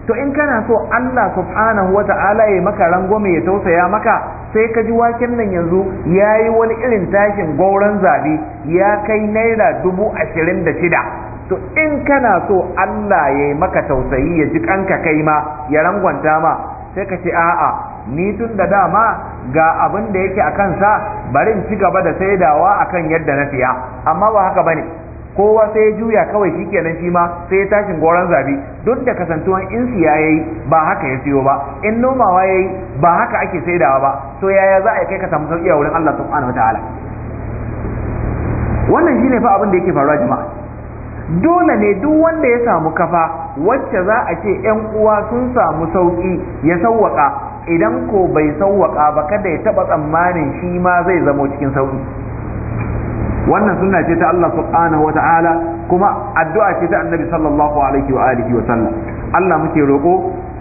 to in kana so Allah subhanahu wa ta'ala ya maka rangwame ya tausaya maka sai ka ji waken nan yanzu ya yi wani irin tashin gauran zabe ya kai naira dubu ashirin da shida to in kana so Allah ya yi maka tausayi ya ji kanka kai ma ya rangwanta ma sai ka ce a'a ni tun da dama ga abin da yake a kansa bari in ci gaba da saidawa akan yadda na siya amma ba haka bane kowa sai ya juya kawai shi nan shi ma sai ya tashin goron zabi duk da kasantuwan in siya yayi ba haka ya siyo ba in nomawa ya yi ba haka ake saidawa ba to yaya za a kai ka samu sauki a wurin Allah subhanahu wataala wannan shine fa abin da yake faruwa jama'a dole ne duk wanda ya samu kafa wacce za a ce yan uwa sun samu sauki ya sauwaka idan ko bai sauwaka ba kada ya taba tsammanin shi ma zai zamo cikin sauki wannan sunna ce ta Allah subhanahu kuma addu'a ce ta annabi sallallahu alaihi wa alihi wa sallam Allah muke roƙo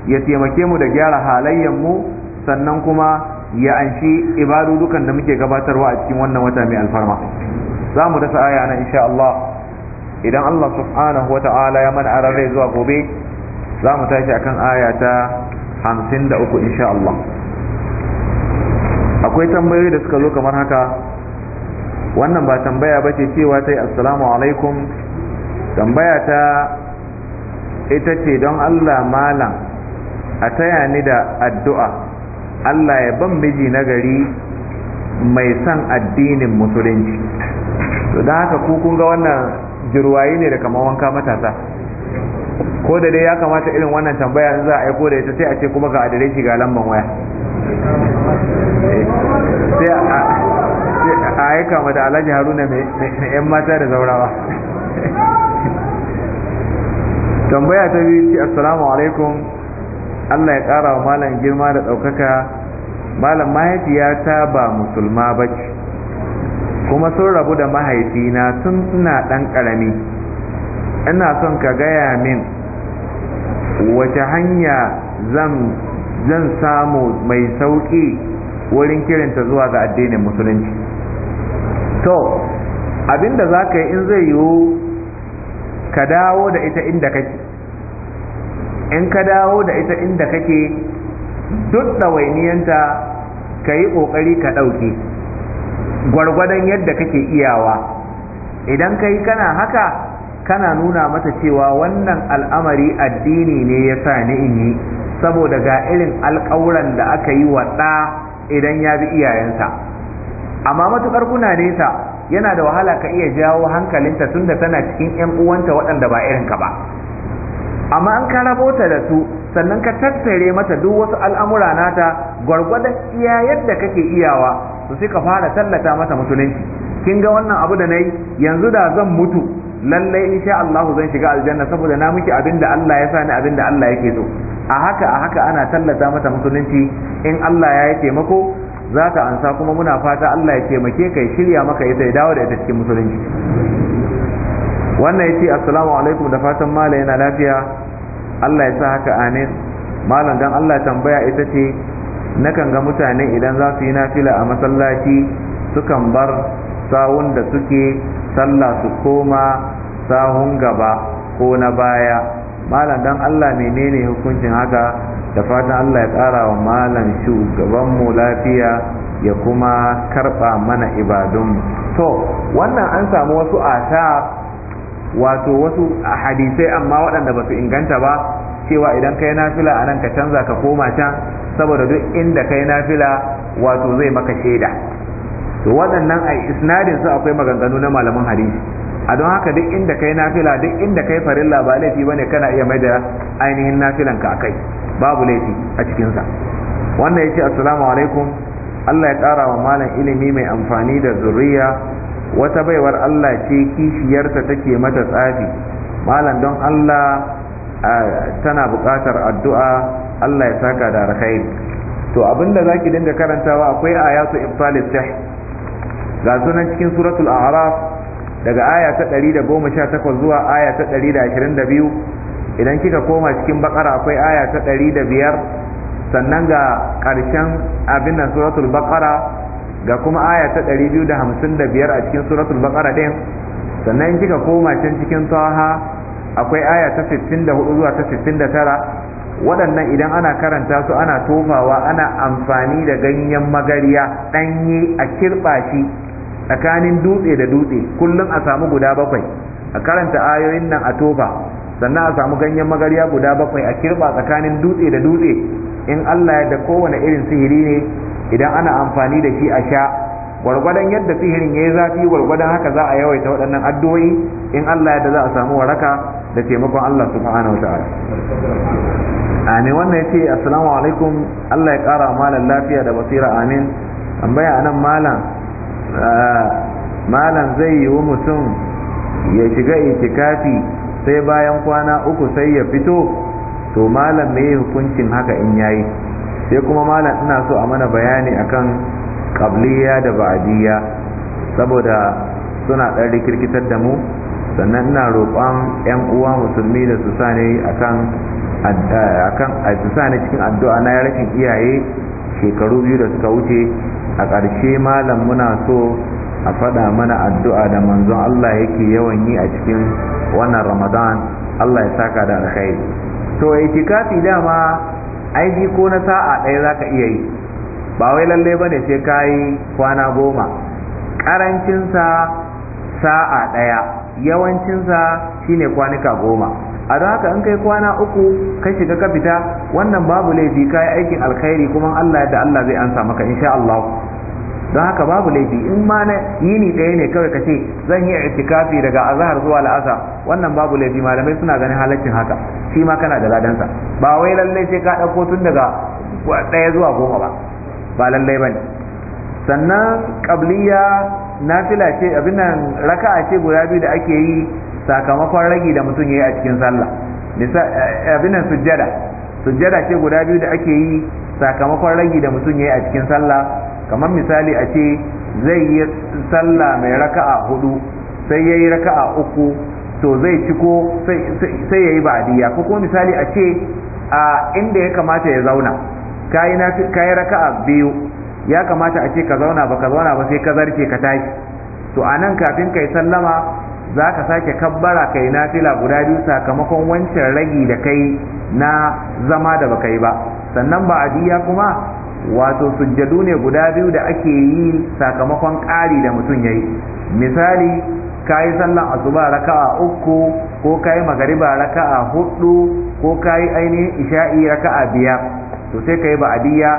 ya taimake mu da gyara halayen mu sannan kuma ya anshi ibadu dukan da muke gabatarwa a cikin wannan wata mai alfarma za mu dasa aya na insha Allah idan Allah subhanahu ya mana aran zuwa gobe za mu tashi akan aya ta hamsin da uku insha Allah akwai tambayoyi da suka zo kamar haka wannan ba tambaya ba ce cewa ta yi assalamu alaikum tambaya ta ita ce don allah malam a taya ni da addu'a allah ya ban miji nagari mai son addinin musulunci to don haka kun ga wannan jirwayi ne da kamar wanka matasa ko da dai ya kamata irin wannan tambaya za a aiko da ita sai a ce kuma ga adireshi ga lamban waya eh, a aika ma da alhaji haruna mai yan mata da zaurawa <laughs> tambaya ta biyu ce assalamu alaikum allah ya kara wa malam girma da ɗaukaka malam mahaifiyata ba musulma ba ce kuma sun rabu da mahaifina tun suna ɗan ƙarami ina son ka gaya min wace hanya zan samu mai sauƙi wurin kirinta zuwa ga addinin musulunci to abinda za ka yi in zai yiwu ka dawo da ita inda kake in ka dawo da ita inda kake duk ɗawainiyanta ka yi ƙoƙari ka ɗauke gwargwadon yadda kake iyawa idan ka yi kana haka kana nuna mata cewa wannan al'amari addini ne ya sa ni in yi saboda ga irin alƙawuran da aka yi wa ɗa idan ya bi iyayensa amma matukar kuna nesa yana da wahala ka iya jawo hankalinta tunda tana cikin yan uwanta waɗanda ba irin ka ba amma an ka rabota da su sannan ka tattare mata duk wasu al'amura nata gwargwadon iya yadda kake iyawa su sai fara tallata mata musulunci kin ga wannan abu da nayi yanzu da zan mutu lallai insha Allah zan shiga aljanna saboda na miki abin da Allah ya sani abin da Allah yake so a haka a haka ana tallata mata musulunci in Allah ya yi taimako za ka ansa kuma muna fata Allah ya taimake ka shirya maka ita ya dawo da ita cikin musulunci wannan ya ce assalamu alaikum da fatan malam yana lafiya Allah ya sa haka amin malam dan Allah tambaya ita ce nakan ga mutane idan za su yi nafila a masallaci sukan bar sawun da suke sallah su koma sahun gaba ko na baya malam dan Allah menene hukuncin haka da fatan Allah ya tsara wa malam shugabanmu lafiya ya kuma karɓa mana ibadun. to wannan an samu wasu ata wato wasu hadisai amma waɗanda ba su inganta ba cewa idan kai nafila a nan ka canza ka koma can saboda duk inda kai nafila wato zai maka shaida to waɗannan a isnadin su akwai maganganu na malaman hadisi a don haka duk inda kai nafila duk inda kai farilla ba laifi bane kana iya mai da ainihin nafilan ka akai babu laifi a cikin sa wannan yace assalamu alaikum Allah ya ƙara wa malam ilimi mai amfani da zuriya wata baiwar Allah ce kishiyarta take mata tsafi malam don Allah tana buƙatar addu'a Allah ya saka da rahayi to abinda zaki dinga karantawa akwai ayatu ibtalis sah ga sunan cikin suratul a'raf daga aya ta 118 zuwa aya ta 122 idan kika koma cikin bakara akwai aya ta 105 sannan ga ƙarshen abin nan suratul bakara ga kuma aya ta 255 a cikin suratul bakara din sannan kika koma can cikin taha akwai aya ta 64 zuwa ta 69 waɗannan idan ana karanta su ana tofawa ana amfani da ganyen magariya ɗanye a kirɓa shi tsakanin dutse da dutse kullum a samu guda bakwai a karanta ayoyin nan a toba sannan a samu ganyen magarya guda bakwai a kirba tsakanin dutse da dutse in Allah ya da kowane irin sihiri ne idan ana amfani da shi a sha gwargwadon yadda sihirin ya yi zafi gwargwadon haka za a yawaita waɗannan addu'o'i in Allah ya da za a samu waraka da taimakon Allah subhanahu wa ta'ala amin wannan ya ce assalamu alaikum Allah ya ƙara malam lafiya da basira amin tambaya anan malam malam zai yiwu mutum ya shiga itikafi sai bayan kwana uku sai ya fito to malam me hukuncin haka in yayi sai kuma malam ina so a mana bayani akan kabliya da ba'adiyya saboda suna ɗan rikirkitar da mu sannan ina roƙon 'yan uwa musulmi da su sani cikin addu'a na rashin iyaye shekaru biyu da suka wuce a ƙarshe malam muna so a faɗa mana addu'a da manzon Allah yake yawan yi a cikin wannan ramadan Allah ya saka da alkhairi to a itikafi dama aiki ko na sa'a ɗaya za ka iya yi ba wai lalle ba ne sai ka yi kwana goma ƙarancinsa sa'a ɗaya yawancinsa shine kwanuka goma a don haka in kai kwana uku ka shiga ka fita wannan babu laifi ka yi aikin alkhairi kuma Allah da Allah zai ansa maka insha Allah don haka babu laifi in ma na yini ɗaya ne kawai ka ce zan yi itikafi daga azahar zuwa la'asa wannan babu laifi malamai suna ganin halaccin haka shi ma kana da ladansa ba wai lallai sai ka ɗauko tun daga ɗaya zuwa goma ba ba lallai ba ne sannan ƙabliya nafila ce abin nan raka'a ce guda biyu da ake yi sakamakon ragi da mutum ya yi a cikin sallah eh, abinan sujjada sujjada ce guda biyu da ake yi sakamakon ragi da mutum ya yi a cikin sallah kamar misali a ce zai yi sallah mai raka'a hudu sai ya yi raka'a uku to zai ciko sai ya yi badiya ko kuma misali a ce a inda ya kamata ya zauna ka yi raka'a biyu ya kamata a ce ka zauna ba ka zauna ba sai ka zarce ka tashi to a nan kafin ka yi sallama za ka sake kabbara kai fila guda biyu sakamakon wancan ragi da kai na zama da baka yi ba sannan ba'adiyya kuma wato sujjadu ne guda biyu da ake yi sakamakon ƙari da mutum ya yi misali ka yi sallan asuba raka'a uku ko ka yi magariba raka'a hudu ko ka yi ainihin isha'i raka'a biyar to sai ka yi ba'adiyya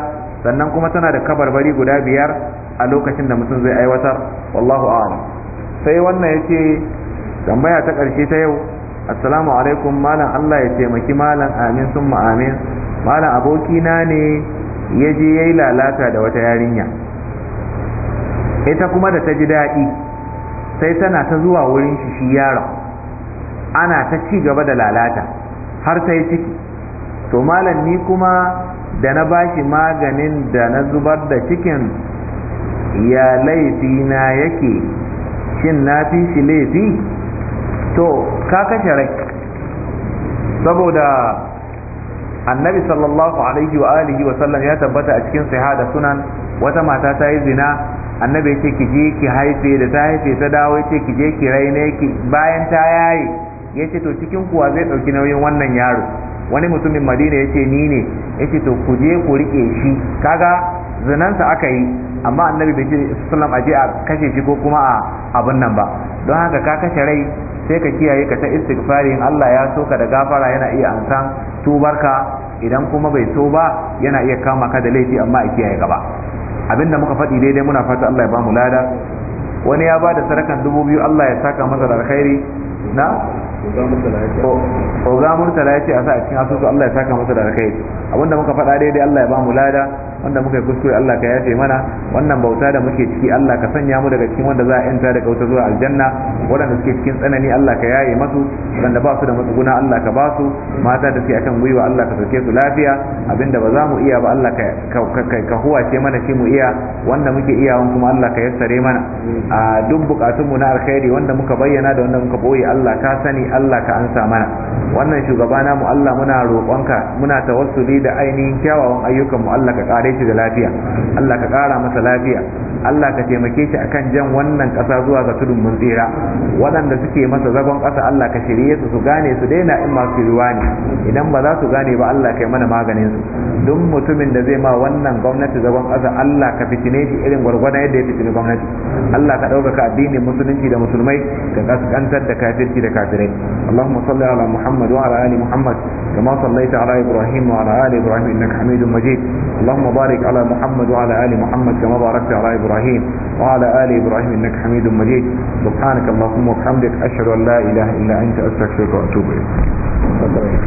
sannan kuma tana da kabarbari guda biyar a lokacin da mutum zai aiwatar wallahu a'lam sai wannan yace tambaya ta ƙarshe ta yau assalamu alaikum malam Allah ya taimaki malam amin sun amin malam abokina ne ya je ya yi lalata da wata yarinya ita kuma da ta ji daɗi sai tana ta zuwa wurin shi shi yaron ana ta ci gaba da lalata har ta yi ciki to malam ni kuma da na ba shi maganin da na zubar da cikin ya laifi na yake shin na fi shi laifi to ka kashe rai saboda annabi sallallahu alaihi wa alihi wa sallam ya tabbata a cikin sahada sunan wata mata ta yi zina annabi ya ce ki je ki haife da ta haife ta dawo ya ce ki je ki raine ki bayan ta yaye ya ce to cikin kuwa zai ɗauki nauyin wannan yaro wani mutumin madina ya ce ni ne ya ce to ku je ku riƙe shi kaga zinansa aka yi amma annabi bai ce sallam aje a kashe shi ko kuma a abin nan ba don haka ka kashe rai sai ka kiyaye ka ta istighfari in Allah ya so ka da gafara yana iya ansan tubarka idan kuma bai so ba yana iya kama ka da laifi amma a kiyaye gaba abinda muka faɗi daidai muna fata Allah ya ba mu lada wani ya ba da sarakan dubu biyu Allah ya saka masa da alkhairi na oga murtala ya ce a sa a cikin asusu Allah ya saka masa da alkhairi abinda muka faɗa daidai Allah ya ba mu lada wanda muka yi kuskure Allah ka yafe mana wannan bauta da muke ciki Allah ka sanya mu daga cikin wanda za a yanta daga kauta zuwa aljanna waɗanda suke cikin tsanani Allah ka yaye masu waɗanda ba su da matsuguna Allah ka ba su mata da suke akan gwiwa Allah ka sauke su lafiya abinda ba za mu iya ba Allah ka huwace mana shi mu iya wanda muke iyawan kuma Allah ka yassare mana a duk bukatunmu na alkhairi wanda muka bayyana da wanda muka boye Allah ka sani Allah ka ansa mana wannan shugaba namu Allah muna roƙonka muna tawassuli da ainihin kyawawan ayyukan Allah ka kare shi da lafiya Allah ka ƙara masa lafiya Allah ka taimake shi kan jan wannan ƙasa zuwa ga tudun mun tsira waɗanda suke masa zagon ƙasa Allah ka shirye su su gane su daina in masu ruwa ne idan ba za su gane ba Allah kai mana maganin su duk mutumin da zai ma wannan gwamnati zagon ƙasa Allah ka fitine shi irin gwargwadon yadda ya fitini gwamnati Allah ka ɗaukaka addinin musulunci da musulmai ka kaskantar da kafirci da kafirai Allahumma salli ala Muhammad wa ala ali Muhammad kama sallaita ala Ibrahim wa ala ali Ibrahim innaka Hamidum Majid Allahumma barik ala Muhammad wa ala ali Muhammad kama barakta ala Ibrahim إبراهيم وعلى آل إبراهيم إنك حميد مجيد سبحانك اللهم وبحمدك أشهد أن لا إله إلا أنت أستغفرك وأتوب إليك